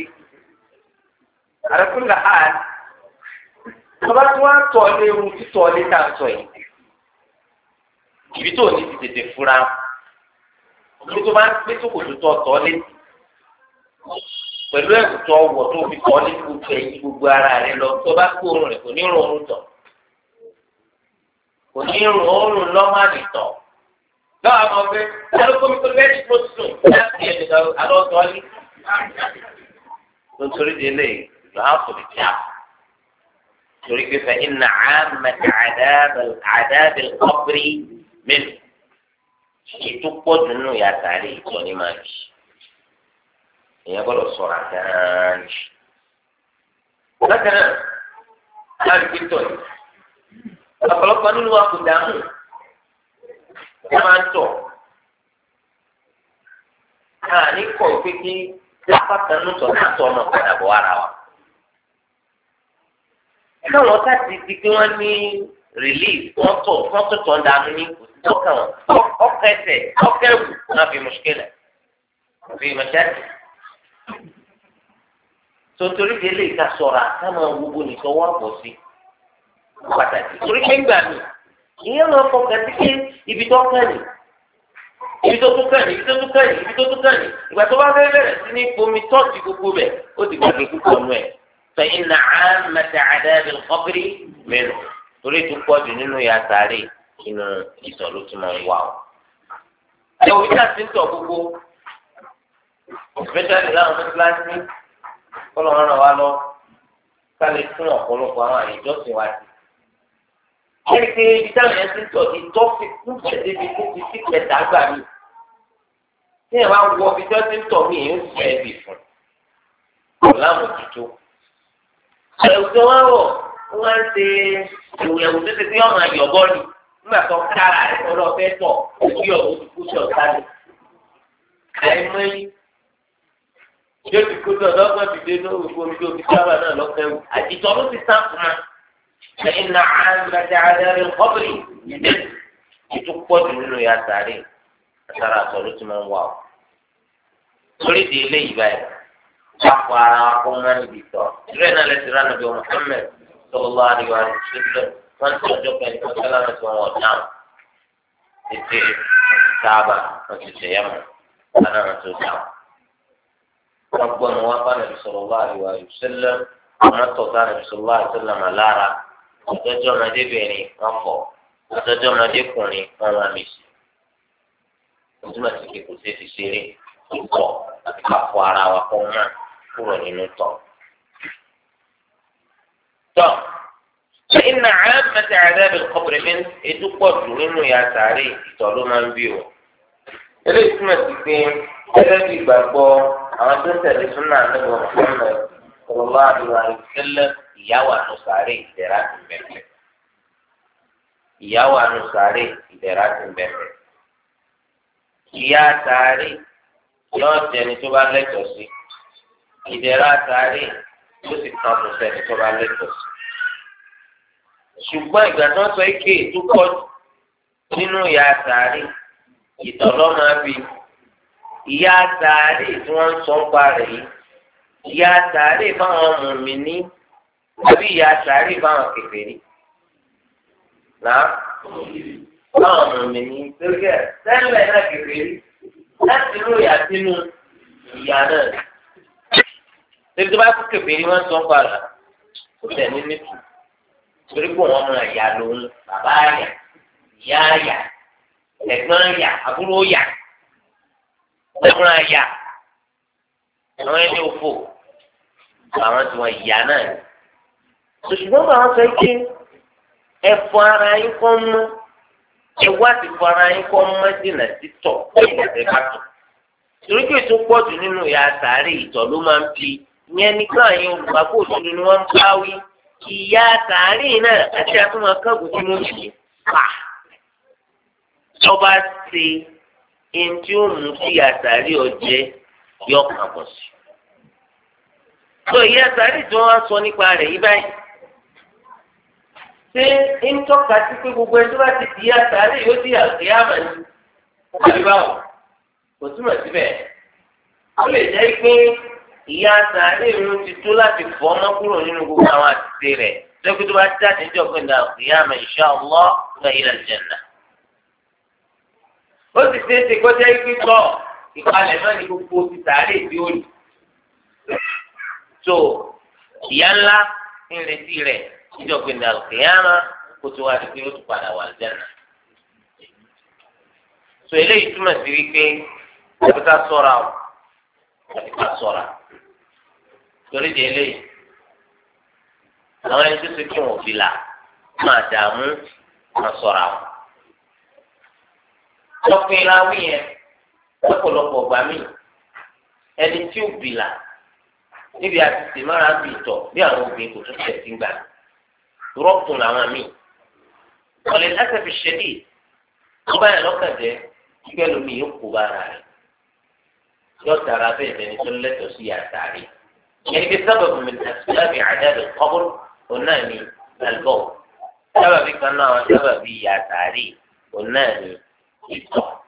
àrẹ́kùnlé tí lé ohun ibi tó ní ti tètè fura. omi tó bá ń gbé sókòtò tó ọtọ létí pẹ̀lú ẹ̀kú tó ọwọ́ tó fi kọ́ ní gbogbo ẹ̀yìn gbogbo ara rẹ lọ tó bá kó oorun rẹ kò ní rún oorun tọ̀ kò ní rún oorun lọ́mọ́nì tọ̀ lọ́wọ́ àwọn ọ̀gbẹ́ alókòmí tó bẹ́ẹ̀ ti tó sùn láti ẹ̀ nìkan alọ́ tọ́ ní. nítorí délé lọ́wọ́ kò lè jà torí pé fẹ́ iná àmà àdáàbẹ̀ àdáàbẹ̀ kọ́pìrì mélòó ètò pọ̀jù nínú yàtà rẹ̀ ìtọ́ ní máa bì èèyàn gbọ́dọ̀ sọ̀rọ̀ àgáàn jù. bákan náà aláàbí tọ̀ ní ọ̀pọ̀lọpọ̀ nínú wa kò dààmú wọ́n máa ń tọ̀ àní kọ̀ pé kí apá kan nù ọmọ padà bọ̀ ara wa. káwọn ká ti di pé wọ́n ní release wọ́n tọ̀ wọ́n tọ̀ tọ̀ dànù ní kò ọkàn ọkàn ẹsẹ̀ ọkàn ẹ̀wù náà fi mùsùkìlẹ̀ fi mọ̀jáde. sotori de lè ka sọ̀rọ̀ àtàwọn gbogbo nìsọwọ́ àpọ̀ sí pàtàkì torí pé ńgbà mi ìyẹn lọ fọkàn sí pé ibi tó kàn ní ibi tó tún kàn ní ibi tó tún kàn ní ibi tó tún kàn ní ìgbà tó bá fẹ́ bẹ̀rẹ̀ sí ní bomi tọ́ọ̀tì gbogbo bẹ̀ ó ti gbàgbé púpọ̀ nù ẹ̀ fẹ̀yìn náà á mẹta àdáyà bí kọ́bírí mélòó torí tó pọ̀ jù nínú yàtàrí inú ìtọ̀ ló tún máa ń wà o. ẹ wo ìjà ti ń tọ̀ gbogbo especially láwọn mẹ́tíláṣí kọ́lọ́ wọn ràn wá lọ ká lè tún ọ̀pọ̀lọpọ̀ àwọn àyíjọ́sìn wa sí. ẹni pé ìjà yẹn ti ń tọ̀ ní tọ́sí kú tẹ̀lé mi kó fi sí kẹta gbà mí. tí ẹ bá wọ ibi tí ń tọ̀ mí èyí ń sọ ẹbí fún un lámòjútó. àyẹ̀wò tí wọ́n rọ̀ wọ́n á ṣe ìwòyẹ̀wò tó ti fi ọ̀nà àyọ̀bọ́ ni. nígbà tó kára rẹ̀ tó fẹ́ pọ̀ kí ọ̀hún ti kú sọ̀ sáré. àìmọ́ yìí yóò ti kú sọ̀ lọ́gbọ̀n dìde lórí omi tó fi sábà náà lọ́fẹ́ wù. àtijọ́ ló ti sáà fún wa. lẹ́yìn náà á ń kọ́bìrì ya sáré àtàrà àtọ̀ ló ti máa ń wà ó. torí di ilé yìí báyìí káfọ ara kó máa ń bì ìrẹ́ náà lẹ́sìn ránà wọn ti ọjọ́ pẹ̀lú ọ̀sẹ́lá náà tí wọ́n wọ̀ náà títí sábà wọn ti ṣe yẹmọ lánàá wọn tó dáhùn. wọn gbọ́ ni wọn bá nàbì sọ̀rọ̀ wá àríwá ìṣẹ̀lẹ̀ wọn tọ̀ bá nàbì sọ̀rọ̀ wá àṣẹlẹ̀ mà lára ọ̀dọ́jọ́ ọmọdébìnrin wọn fọ̀ ọ̀dọ́jọ́ ọmọdékùnrin wọn wá mi sí. ojúmọ̀ sí kí kò ṣe ti ṣeré ìtọ̀ àti káfọ ara wa kọ́ mọ́ kúrò nínú tọ́ ṣé iná àmàtà àdábì kọ́bìrì mi ètùpọ̀ jù nínú ìyà sàárè ìtọ̀ ló máa ń bí o. eléyìí túmọ̀ sí pé gẹ́gẹ́ bí ìgbàgbọ́ àwọn tó ń tẹ̀lé súnà àdébọ̀ mọ̀mọ́ ọ̀rọ̀lá àdúrà ìtẹ́lẹ̀ ìyáwó àánú sàárè ìdẹ̀ra ti bẹ̀rẹ̀. ìyáwó àánú sàárè ìdẹ̀ra ti bẹ̀rẹ̀. ìyá sàárè yóò jẹni tó bá lẹ́tọ̀ọ́ sí ìdẹ̀ra sàárè yóò sì kàn fún sẹ́ni tó bá lẹ́tọ̀ọ́ sí ṣùgbọ́n ìgbà tí wọ́n sọ ike ìtúkọ́ nínú ìyá sàárì ìtọ̀lọ́ máa bí ìyá sàárì tí wọ́n ń sọ ń pa rẹ̀ yìí ìyá sàárì fáwọn mùmíní àbí ìyá sàárì fáwọn kèfèrí náà fáwọn mùmíní lórí ẹ̀ tẹ́lẹ̀ náà kèfèrí láti inú ìyá sínú ìyá náà. Tẹ́lẹ̀ tó bá kú kèfèrí wọ́n sọ ń pa rẹ̀ kò tẹ̀ ní nítorí torí pé wọn máa yà lòun bàbá àyà ìyá àyà ẹ̀gbọ́n àyà àbúrò àyà ẹ̀gbọ́n àyà àwọn ẹni òfò àwọn tí wọn yà náà ṣùgbọ́n bàbá sọ pé ẹ̀fọ́ ara yín kọ́ mọ́ ẹ̀wá ti fọ ara yín kọ́ mọ́ dènà títọ̀ ẹ̀gbẹ́ bá tọ̀ torí pé tó pọ̀ jù nínú ìyá àtàrí ìtọ̀ ló máa ń fi ìyẹn nígbà yẹn olùgbàgbọ́ òṣèlú ni wọ́n ń bá ìyá sàárì náà àti àtúmọ̀ kẹ́gùn tí mo fi pa ọba ṣe ẹni tí ó mú kí ìyá sàárì ọjẹ́ yọ kàn bọ̀ sí. sọ ìyá sàárì tí wọ́n sọ nípa rẹ̀ yí báyìí ṣé ń tọ́ka sí pé gbogbo ẹni tó bá ti di ìyá sàárì yóò di àgbẹ̀ àmà ni kò sí báwò kò túmọ̀ síbẹ̀ ó lè jẹ́ pé ìyá sàárè ló ti tó láti fọ́ ọmọ kúrò nínú gbogbo àwọn àtìsí rẹ̀ lẹ́kùn tó bá jáde ní ọ̀gbìn náà ìyá àmọ̀ insha Allah lọ ila aljanna. ó sì ṣe é ṣe kọjá ikú tọ̀ ìpalẹ̀ náà ní gbogbo ti sàárè tí ó tó ìyá ńlá ń retí rẹ̀ ní ọ̀gbìn náà ìyá àmọ̀ kó tó wá di pé ó ti padà wà aljanna. tó eléyìí túmọ̀ sí wípé àbíká torí di eléyìí àwọn ẹni tó ṣe kí wọn fi là máa dààmú máa sọ̀rọ̀ àwọn. lọ́pìn láwí yẹn lọ́pọ̀lọpọ̀ gbà mí ẹni tí ò bìlà níbi àti tèmára bì tọ̀ bí àwọn obìnrin kò tún tẹ̀ sí gbà rọ́pùn làwọn míì. ọ̀lẹ́ lásẹ̀ fi ṣe dì wọ́n bá yẹn lọ́kàn jẹ́ kíkẹ́ lómi yóò kó bára rẹ̀ yóò tara bẹ́ẹ̀ bẹ́ẹ̀ ni tó lẹ́tọ̀ọ́ sí àtàrí. يعني بسبب من أسباب عذاب القبر قلنا لي البول سبب كان سبب يا تعري قلنا لي الطهر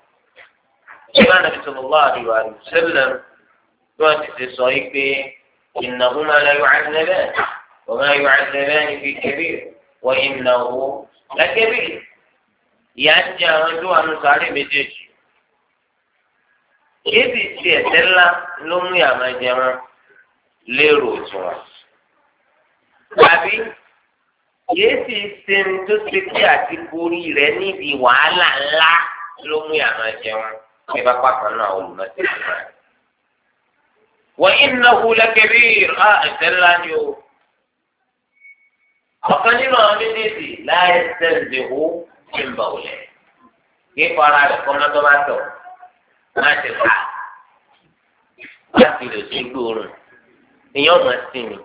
النبي صلى الله عليه وسلم قال في الصحيح إنهما لا يعذبان وما يعذبان في كبير وإنه لكبير يعني أنتوا أنو ساري مجيش كيف يصير تلا نوم يا مجمع lérò òtúnwà tàbí yéé sì ṣe ní tó ṣe pé àti borí rẹ níbi wàhálà ńlá ló mú àwọn jẹun ní bá pàtàkì náà olùmọ̀tì àná. wọ́n iná hulẹ̀ kẹ́bí ìrà ẹ̀sẹ̀ ńlá ni o. ọ̀kan nínú àwọn méjèèjì láì ṣẹ̀ǹdì hó ṣì ń bà ó kí fara rẹ̀ kọ́ mọ́tò bá tọ̀ láti láti lè ṣe gbóòórùn èèyàn ọmọ sí mi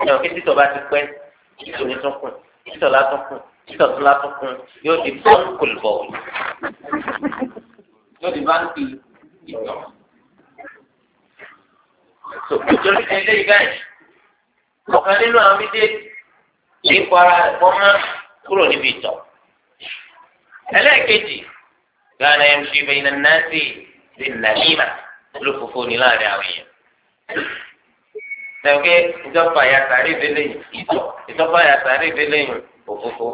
èèyàn kí títọ̀ bá ti pẹ́ títọ̀ ní tún kùn títọ̀ látún kùn títọ̀ tún látún kùn yóò di bọ́ǹkùl bọ̀ọ̀lù yóò di báńkì ìtọ̀. tó nítorí ti ilé ìgbà yìí ọ̀kan nínú àwọn méjèèjì kì í para ẹ̀fọ́ mọ́ kúrò níbi ìtọ̀. ẹlẹ́ẹ̀kejì gánà ẹ̀ ìbẹ̀yìn náà sí ìnáyìmá olófòfò ní láàrin àwọn èèyàn tẹ̀wé ìjọba àyàtàrí ìdílé yìí ìtọ̀ ìjọba àyàtàrí ìdílé yìí òfófó.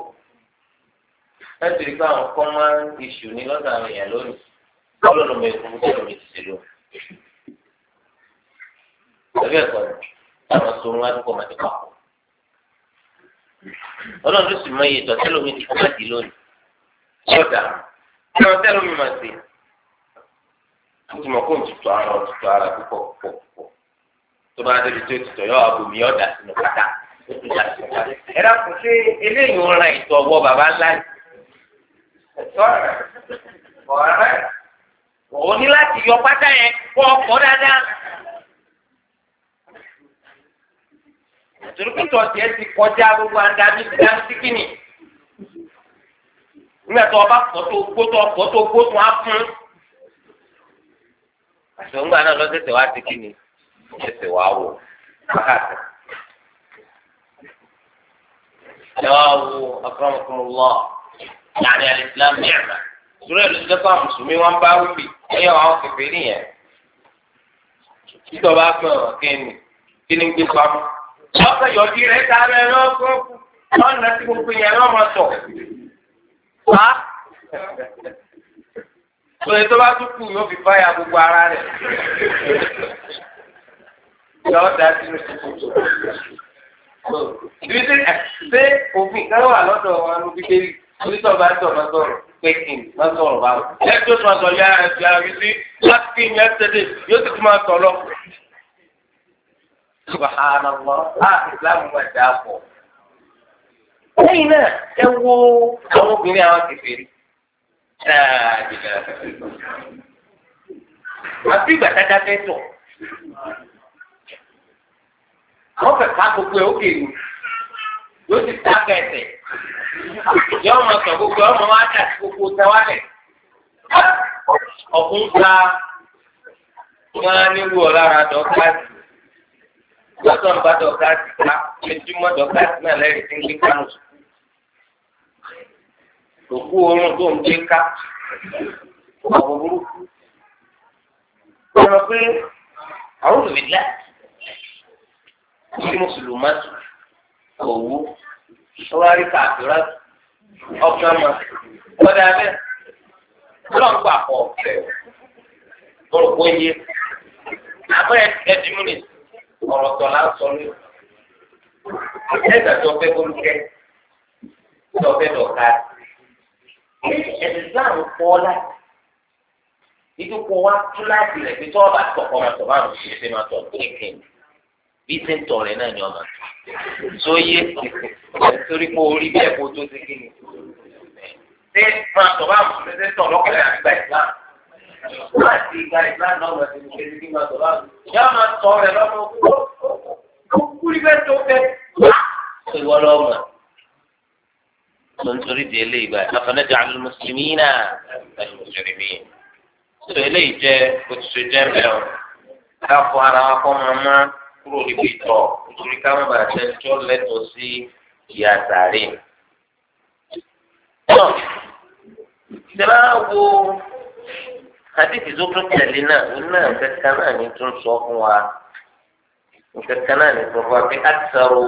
láti rí i pé àwọn kan máa ń iṣu ní lọ́dọ̀ àwọn èèyàn lónìí ọlọ́run lọ́mọ ìfowópamọ́ tó lọ́mọ ìtìsí lò. ẹgbẹ́ ẹ̀kọ́ ni àwọn sọ̀rọ̀ wá dúpọ̀ máa ti pa pọ̀. ọlọ́run sì mọ iye ìtọ́sẹ́ lómi ti fún àdí lónìí. ṣọ́dà ìtọ́sẹ́ lómi máa ṣe. ó ti mọ̀ kó ń tutù ara tutù ara púpọ̀ púpọ̀ púpọ̀. tó bá débi tó ti sínú pátá ó tún dà sínú pátá. ẹ dákun eléyìí ń ìtọ̀ ọwọ́ ńlá yìí. ẹ̀tọ́ rẹ̀ ọ̀rẹ́ ní láti yọ pátá yẹn kó ọkọ̀ dáadáa. tòlùkìtò tiẹ̀ ti kọjá gbogbo dáńsíkìnì nígbà tó ọba kọ́ tó gbó tó ọkọ̀ tó gbó tó á fún. ẹsẹ̀ wàá wò wákàtí. ẹ wá wo akọ́mọkọ́mọlọ́ yàrá alìsílám ní ẹ̀mà ìṣúra ìlú ti dẹ́kọ̀ mùsùlùmí wọn bá wípé ẹ̀yẹ wọn kẹfẹ́ nìyẹn. títọ́ bá pẹ́ ọ̀rọ̀ kẹ́ni kí ni ń gbé pamọ́. lọ́sọ̀ yọ̀dí rẹ̀ sáré lọ́kọ́ lọ́nà tí gbogbo yẹn lọ́mọ sọ̀. wá lóye tó bá tún kù yóò fi báyà gbogbo ara rẹ̀ yọ ọ́ da sínú ṣòkòtò. Ibi tí eh, ṣé òfin kan wà lọ́dọ̀ wa ló fi dé onítọ̀ bá tọ̀ máa sọ̀rọ̀ pé kí n máa sọ̀rọ̀ báwo. Lẹ́tọ́ tó máa sọ yá ẹ̀sì àrí sí láti ní ẹ̀sẹ̀dẹ̀ yóò sì tún máa sọ lọ. Subhanallah, a ah, ìsìlámù máa dà pọ̀. Lẹ́yìn náà, ẹ wo àwọn obìnrin àwọn kèfèrí. Àbí ìgbà dáadáa fẹ́ tọ̀ wọ́n fẹ́ ká gbogbo ẹ̀ ó kéwù yóò ti ta kẹsẹ̀ yọ ọmọ sọ gbogbo ọmọ wa dà sí gbogbo tẹwálẹ̀ ọ̀fun ta máa nílò ọ̀lára dọ́kítàsì lọ́sọ̀ ń bá dọ́kítàsì ká lójúmọ́ dọ́kítàsì náà lẹ́yìn tí ń gbé kánú òkú oorun tó ń gbé ká ọ̀rọ̀ burúkú. ọ̀rọ̀ pé àwọn òbí ní mùsùlùmá òwú wọ́n rí kàdúrà ọ̀gá ma kọ́dà bẹ́ẹ̀ lọ́ngbà pọ̀ bẹ́ẹ̀ mo rò pé yé àmọ́ ẹ̀dínmú ni ọ̀rọ̀ tọ̀ la sọ ní ẹ̀dá tó fẹ́ kó lùkẹ́ tó fẹ́ dọ̀ka ẹ̀dínlá ń pọ̀ láti ìdúkọ̀ wa tú láti rẹ̀ pé tọ́ọ̀bà tọ̀kọ̀ máa tọ̀ máa ń ṣe ṣe máa tọ̀ kéèké bí sèǹtọ̀ rẹ̀ náà ni ọ̀nà tó yé torí pé orí bẹ́ẹ̀ kó tó ti kíni. ṣé máa tọ̀ bá àwọn sèǹtọ̀ lọ́kọ̀ọ́yà àgbà ìgbà wọ́n àti ìgbà ìgbà náà wọ́n ti ṣe kí máa tọ̀ bá àwọn. ìyá máa tọ̀ rẹ̀ lọ́mọ kúkú rí bẹ́ẹ̀ tó fẹ́. ìwọ lọ́mọ tó ń torí di eléyìí báyìí afẹnẹjà alùmùsùlùmí náà alùmùsùlùmí tó eléyìí jẹ kó tó ṣe jẹ mẹ́rin ká fọ ara wa kọ́ máa máa. kúrò níbi ìtọ̀ nítorí ká má bàa ṣe tó lẹ́tọ̀ọ́ sí ìyá sàárè. náà ìṣẹ̀lá wo àdìsí tó tún tẹ̀lé náà ó náà kankan náà ní tún sọ fún wa kankan náà ní sọ fún wa pé àtàrò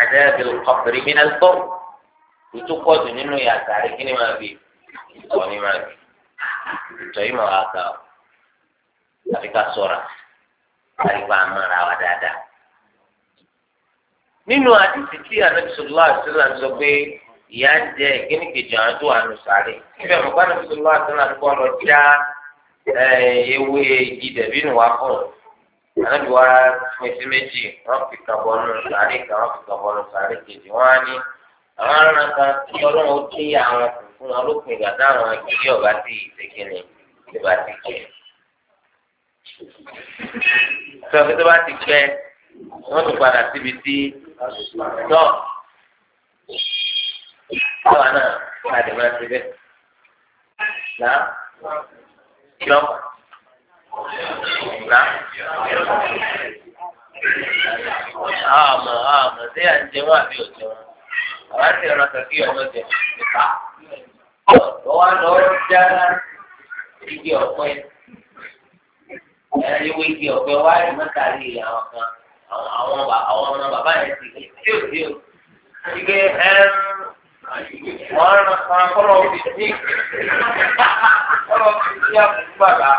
àdáàbí ọkùnrin mi náà gbọ́ ètò pọ̀jù nínú ìyá sàárè kí ni máa bì ìtọ̀ ni máa bì ìtọ̀ yìí máa wá ká o àfi ká sọ̀ra. àyíká àmọ́ra wa dáadáa. nínú àdìsí tí àdìsílá àdìsílá sọ pé ìyá ń jẹ àdìsílá kọ́ lọ já eh, ewé fún un wa fún méjì fi nù kan fi nù kejì á ní àwọn tí ọlọ́run ó dín àwọn fún wọn lópin ìgbà táwọn ìdílé ọba ti ìtẹ̀kẹ́ni ìbá ti jẹ. sọ pé tó bá ti pẹ́ wọ́n tún padà síbi tí tọ́ báwa náà káàdì máa ti bẹ́ẹ̀ là yọ là àmọ́ àmọ́ sí à ń jẹun àbí òjò àwọn àti ọ̀rọ̀ kàkí ọmọ jẹ nípa ọ̀wá lọ́ọ́ já igi ọ̀pẹ ẹ̀rí wíìgì ọ̀pẹ wáyé mọ́tàrí àwọn kan àwọn àwọn ọmọ bàbá yẹn ti gbé tí ò tí ò ti gbé ẹ̀m wọ́n rán kan kọ́lọ̀ òbí sí kọ́lọ̀ òbí sí àkókò bàbá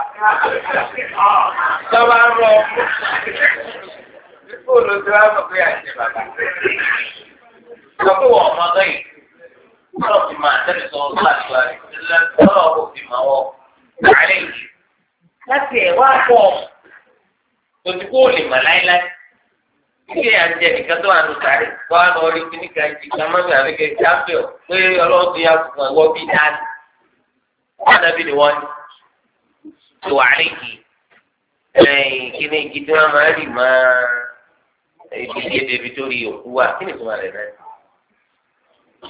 ìjọba ń rọ nípò ló ti wá sọ pé àṣẹ bàbá sọ pé wọ́n ọmọ ọ̀gá yìí kọ́lọ̀ ti máa tẹ́lẹ̀ sọ ọ́ láti wá kó lè mà láéláé ilé àjẹ nìkan tó wà ní sáré wà á lọ kíní kan jì kan mọ́mí àríkẹ́ jáfẹ́ ọ̀ pé ọlọ́run ti yá fún ẹ̀wọ́ bí dáàbì wọ́n nàbí ni wọ́n ti wà áríkì ẹ̀yìn kíní igi tí wọ́n máa rì máa ibi ìdíje ibi tó rí òkú wa kí ni tó máa rẹ̀ náà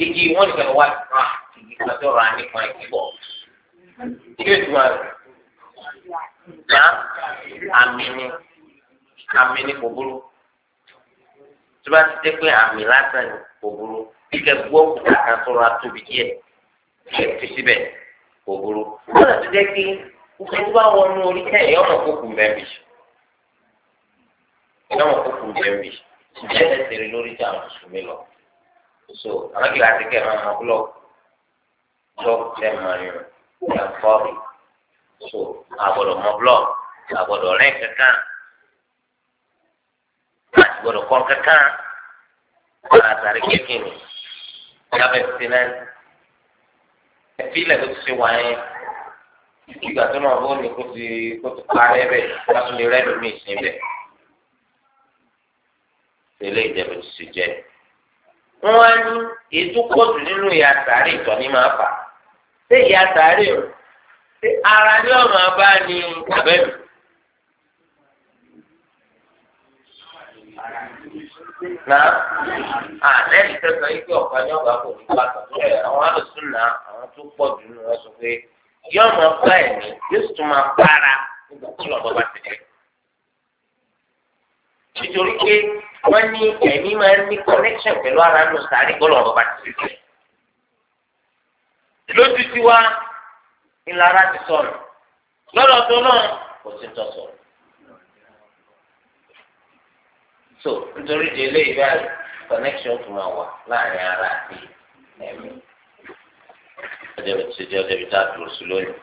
igi wọ́n nìkan wá ah, igi kan tó rà nípa ìkíkọ̀ kí ni tó máa rẹ̀ náà àmì ni àmì ní kò burú tó bá ti dé pé àmì lásán ní kò burú kíkẹ́ gbọ́ òkúta kan tó ra tóbi díẹ̀ kíkẹ́ fi síbẹ̀ kò burú ó lọ ti dé pé kókó tó bá wọnú orí tẹ̀ yọ ọmọ kókò mẹ́bì yọ ọmọ kókò mẹ́bì ìjẹ́ ẹsẹ̀ rẹ lórí tí àwọn mùsùlùmí lọ so àwọn kìláàsì kẹ́ máa ma búlọ̀kù búlọ̀kù tẹ́ máa yàn ẹ̀ fọ́ọ̀rì so àgbọ̀dọ̀ mọ búlọ̀kù àgbọ̀dọ̀ rẹ̀ kankan gbọ́dọ̀ kọ́ kankan ọ̀rọ̀ àtàrí kékeré lábẹ́ ti náà ẹ̀fí ilẹ̀ tó ti ṣe wáyé ìgbà tó náà ó ní kó ti kó ti parẹ́ bẹ́ẹ̀ láti lè rẹ́ lómi ìsìn bẹ́ẹ̀ tẹ́lẹ̀ ìjẹ́bù ti ṣe jẹ́ wọ́n á ní ètò pọ̀jù nínú ìyá sàárè ìtọ̀ ní máa fà ṣé ìyá sàárè o ṣé ara ní ọ̀nà abá ni abẹ́mi. náà àlẹ́ ìtẹ́sán yìí kí ọ̀kan ní ọ̀gá kò ní pàtó bẹ́ẹ̀ àwọn àlùsùn náà àwọn tó pọ̀ jù nù wọ́n sọ pé yóò máa bá ẹ̀mí yóò sì tún máa bára nígbà tí lọ́dọ̀ bá ti dẹ̀. nítorí pé wọ́n ní ẹ̀mí máa ń ní connection pẹ̀lú ara nù sáré gbọ́dọ̀ ọ̀dọ̀ bá ti dẹ̀. lójú tiwa ńlára ti sọ̀rọ̀ lọ́dọ̀ tó náà kò sí tọ̀ sọ̀rọ̀. so nítorí di eléyìí báyìí connection tún máa wà láàrin ara àti ẹ̀mí. ọjọ́ bí ṣe jẹ́ ọjọ́ bí tá a dúró sí lónìí.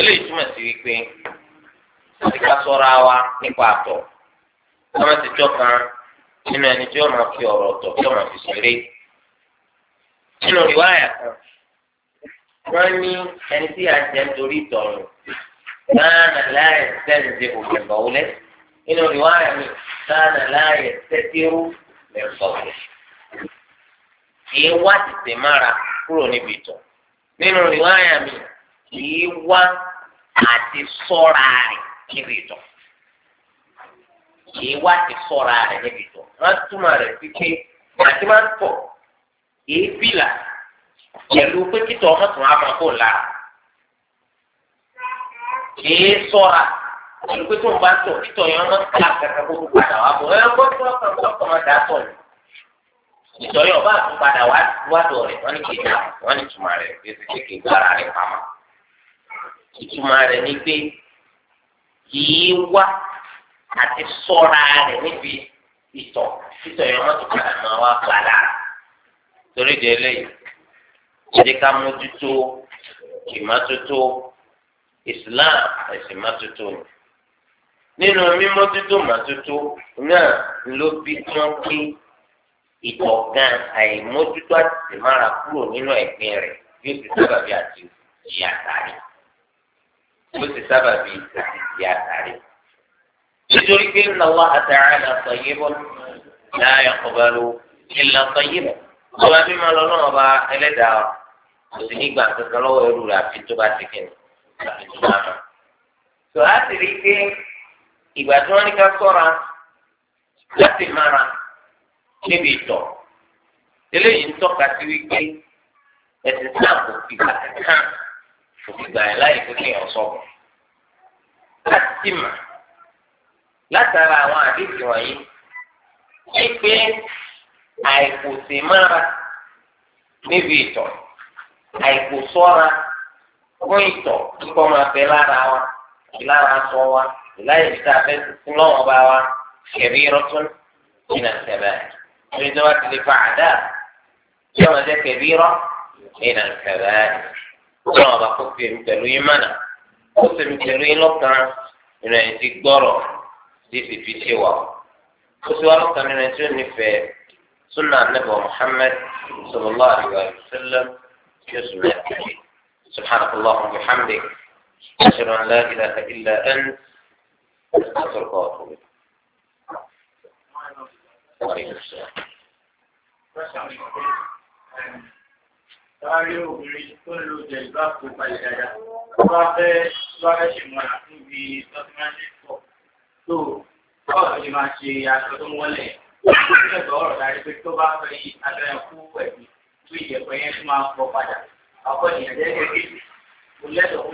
eléyìí túmọ̀ sí wípé àti ká sọ́ra wa nípa àtọ̀ lọ́wọ́ ti jọ kan nínú ẹni tí wọ́n máa fi ọ̀rọ̀ ọ̀tọ̀ tí wọ́n máa fi ṣeré. nínú ìwáyà kan wọ́n ní ẹni tí a jẹ́ nítorí ìtọ̀rùn náà láì sẹ́ǹdì òkè bọ̀wọ́lẹ́ nínú ìwáyà mi kánà láàyè tẹ́tírú lẹ́fọ̀ọ́lẹ̀. kì í wá tètè mára kúrò níbi ìtọ̀ nínú ìwáyà mi kì í wá àti sọ́ra rẹ̀ níbi ìtọ̀ kì í wá àti sọ́ra rẹ̀ níbi ìtọ̀ wọ́n túmọ̀ rẹ̀ sí pé àti máa ń tọ̀ kì í bìlà pẹ̀lú pé títọ̀ ọmọ tó wà lára kì í sọ́ra olùkọ́ tó ń bá tọ̀ títọ̀ yẹn wọ́n ti là kẹ́kẹ́ kó tún padà wá bọ̀ ẹ kó tó ọkàn tó ọkàn máa dà tọ̀ ni ìtọ̀ yẹn ọba àtún padà wá wádọ̀ rẹ̀ wọ́n ní kéjà wọ́n ní ìtumọ̀ rẹ̀ bí ti ṣe kéjà ara rẹ̀ pamọ́ ìtumọ̀ rẹ̀ ni pé kìí wá àti sọ́ra rẹ̀ níbi ìtọ̀ títọ̀ yẹn wọ́n ti padà máa wá padà torí di eléyìí ìdí ká mójútó ìmọ́tótó ìsìláàmù ẹ̀sìn mọ́tótó ni nínú mímọ́ dúdú màtútù náà ló bí kí wọ́n pín ìtọ̀gán àìmójútó àtìmára kúrò nínú ẹ̀gbin rẹ̀ bí ó ti sábàbí àti ìyá àtàrí bí ó ti sábàbí àti ìyá àtàrí. nítorí pé ń lọ́wọ́ àtàrà náà sọ yé bọ́ láàyè ọ̀bẹ̀rù ìlà sọ yé bọ́. ọba mímọ lọ́nà ọba ẹlẹ́dàá kò sí nígbà kankan lọ́wọ́ ẹrú rẹ̀ àfi tó bá ti kìnnì àfi tó bá mọ̀. sọ pé ìgbà tí wọ́n ní ká sọ́ra láti mara níbi ìtọ̀ eléyìí ń tọ́ka sí wípé ẹ̀sìn náà kò fi gbà kán kò fi gbà yẹn láyè kó kéèyàn sọ̀rọ̀ láti mà látara àwọn àdéhùn wọ̀nyí wípé àìkòsè mára níbi ìtọ̀ àìkòsọ́ra fún ìtọ̀ kíkọ́ máa bẹ lára wa lára sọ wa. láyé tá a fẹ́ sí lọ́wọ́ bá wa kẹ̀rí rọ́tún jìnnà kẹ̀bẹ́ ẹni tó bá ti lè fa àdá yóò máa jẹ́ kẹ̀rí rọ́ jìnnà kẹ̀bẹ́ lọ́wọ́ bá kó fi èmi pẹ̀lú yín mánà kó fi èmi pẹ̀lú yín lọ́kàn nínú ẹni tí gbọ́rọ̀ tí sì fi ṣe wà kó sì wá lọ́kàn nínú ẹni tí ó nífẹ̀ẹ́ sunna anabi muhammed sallallahu alayhi wa sallam yóò sùn mẹ́ta subhanahu wa ta'ala wa bihamdi ashhadu an la ilaha illa anta أصل قاتل وعليكم السلام Láàárín obìnrin tó ń lo jẹ̀lúbá kò balẹ̀ dáadáa, ó bá fẹ́ bá fẹ́ ṣe mọ́ra fún bí sọ́tímáṣí pọ̀. Tó báwo ṣe máa ṣe aṣọ tó ń wọlé? Ó lẹ́gbẹ̀ẹ́ ọ̀rọ̀ dárí pé tó bá fẹ́ yí abẹ́rẹ́ kú pẹ̀lú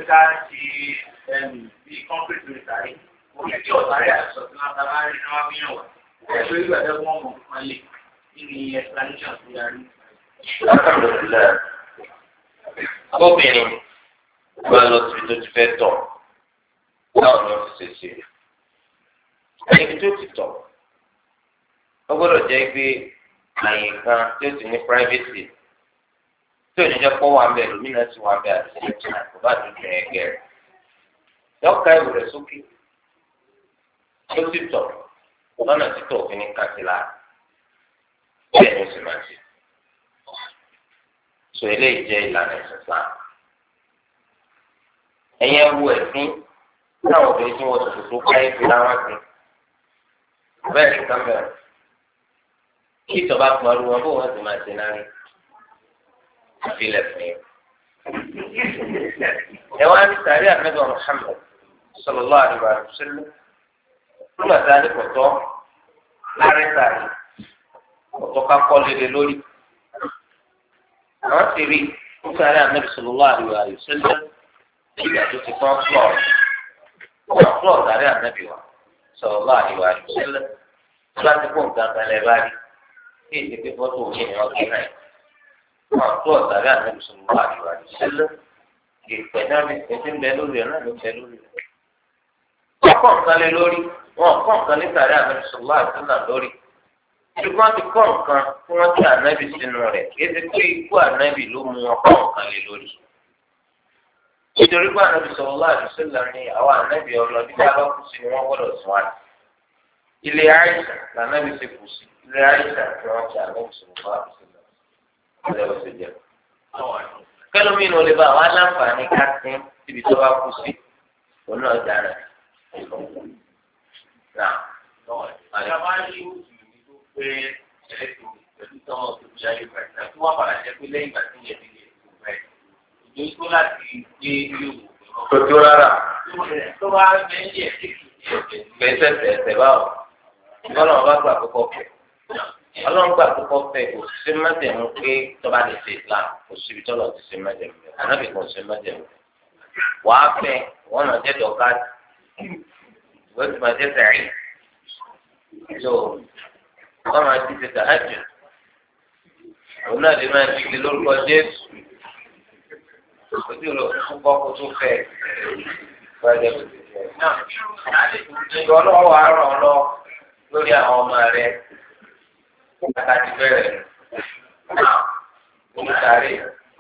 ká ṣe bí kọ́ńkírìtì rẹ̀ sáré parí àṣọ tí wọ́n bá rí náà bí náà ẹ̀ṣọ́ ìgbà tó wọ́n mọ̀ kan lè nínú iye explanation tó yarí. abọ́bìnrin bá lọ síbi tó ti fẹ́ tọ̀ táwọn náà ti ṣe ṣe ibi tó ti tọ̀ ó gbọ́dọ̀ jẹ́ pé àyè kan tó ti ní privacy tí ò ní jẹ́ pọ́ wà bẹ́ẹ̀ lómìnà ti wà bẹ́ẹ̀ àti ẹ̀ṣẹ̀ àkọ́bá tó ti rẹ̀ gẹ̀rẹ̀. dọ́kítà ìwòrẹ̀ sókè tó sì tọ̀ lọ́nà títọ̀ òfin ní kàtìlá bẹ́ẹ̀ ni ó sì máa ṣe. sọ eléyìí jẹ́ ìlànà ìsìnká. ẹ̀yẹ wo ẹ̀sìn táwọn obìnrin tí wọ́n tuntun tó káyé fi láwọn sí. bẹ́ẹ̀ ni kámẹ́rà kí ìtọ́ba pọ̀ ọ́rú wọn bó wọ́n máa ṣe náà rí. àfilẹ̀ fún yín. ẹ wá ní sàárẹ̀ àmẹ́gbọ̀n Muhammad sallallahu alaihi wa sallam nígbà tá a ní kọ̀tọ́ láàrin tààrí kọ̀tọ́ ká kọ́ lélẹ̀ lórí. àwọn ti rí nítorí ànábì sọlọ́lá àríwá àríwá sẹ́lẹ̀ nígbà tó ti kọ́ flọ́ọ̀ kọ́ flọ́ọ̀ tààrí ànábì wa sọlọ́lá àríwá àríwá sẹ́lẹ̀ láti kó nǹkan kalẹ̀ báyìí kí èdè pé fọ́tò òní ni wọ́n gbé náà kọ́ flọ́ọ̀ tààrí ànábì sọlọ́lá àríwá àríwá sẹ́lẹ̀ ìpẹ̀dá mi ti ń bẹ lórí ẹ̀ náà ló fẹ́ lórí rẹ̀. ọkọ̀ wọn kọ́ nǹkan ní sàrẹ́ ànábì sọ̀lá àtúnà lórí ṣùgbọ́n ti kọ́ nǹkan tí wọ́n ti ànábì sínú rẹ̀ kéde pé ikú ànábì ló mú wọn kọ́ nǹkan lé lórí. nítorí pé ànábì sọ̀lá àdùsọ̀lá ni àwọn ànábì ọlọ́dí bá bá kú sí ni wọ́n gbọ́dọ̀ sùn wá. ilé àìsàn lànábì ti kù sí ilé àìsàn tí wọ́n ti ànábì sọ̀lá àdùsọ̀lá ilé ọ̀sẹ̀ jẹ. kẹ́lómi ni olè bá àwọn aláǹfààní ká sín síbi tó bá kú sí òun náà dára náà ìjọba ní mùsùlùmí tó pé ẹlẹ́tò pẹ̀lú tọ́wọ́ tó fi ayé pẹ̀lú náà tó wà padà jẹ́ pé lẹ́yìn ìgbà tí ìyẹn ti lè tó bẹ́ẹ̀ ìjọ tó láti gbé ilé òwò. kò tó rárá. tó bá mẹ́lì ẹ̀ tí kì í ṣe ẹ̀sẹ̀ ẹ̀sẹ̀ báwò ọlọ́run bá gbà kókó fẹ̀ ọlọ́run gbà kókó fẹ̀ kò sí mẹ́tẹ̀mú pé tọ́ba lè ṣe Islam kò síbi tọ́lọ̀ ti ṣe mẹ́tẹ̀mú ànábì kò ṣe mẹ́tẹ̀mú wàá fẹ́ wọ́n náà jẹ́ dọ̀ká ìwé tó máa jẹ́ sàárì so wọ́n máa ti ṣe sàájù òun náà lè máa dìde lórúkọ Jésù ojú rẹ̀ púpọ̀ kó tó fẹ́ wájú ìjọ náà wà á ràn ọ́ lọ lórí àwọn ọmọ rẹ̀ kàkà ti bẹ̀rẹ̀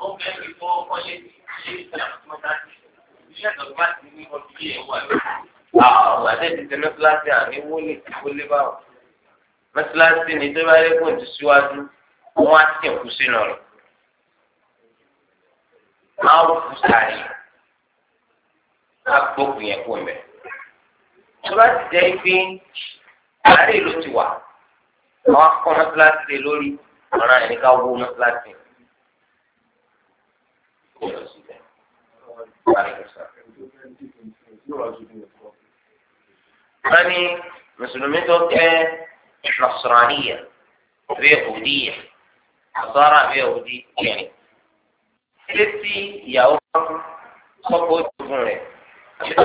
ó fẹ́ kí wọ́n kọ́lé sí ilé ìtàn àti iṣẹ́ ìtọ́jú bá ti ní ọdún yìí wà lórí àwọn àtẹ̀tí ti mẹ́sàlásì àní wọlé wọlé báwọn mẹ́sàlásì ni tó bá yẹ kó ti síwájú wọ́n á tẹ̀ kú sínú rẹ̀ máa wù kú sáré agbókùn yẹn kó mẹ́ tó bá ti jẹ́ pé àárẹ̀ ló ti wà àwọn akọ́ mẹ́sàlásì lórí ọ̀ràn ẹ̀ ní ká mẹ́sàlásì. Thank بني مسلمي توكي نصرانية في يهودية نصارى في يهودية يعني التي يوم صفوت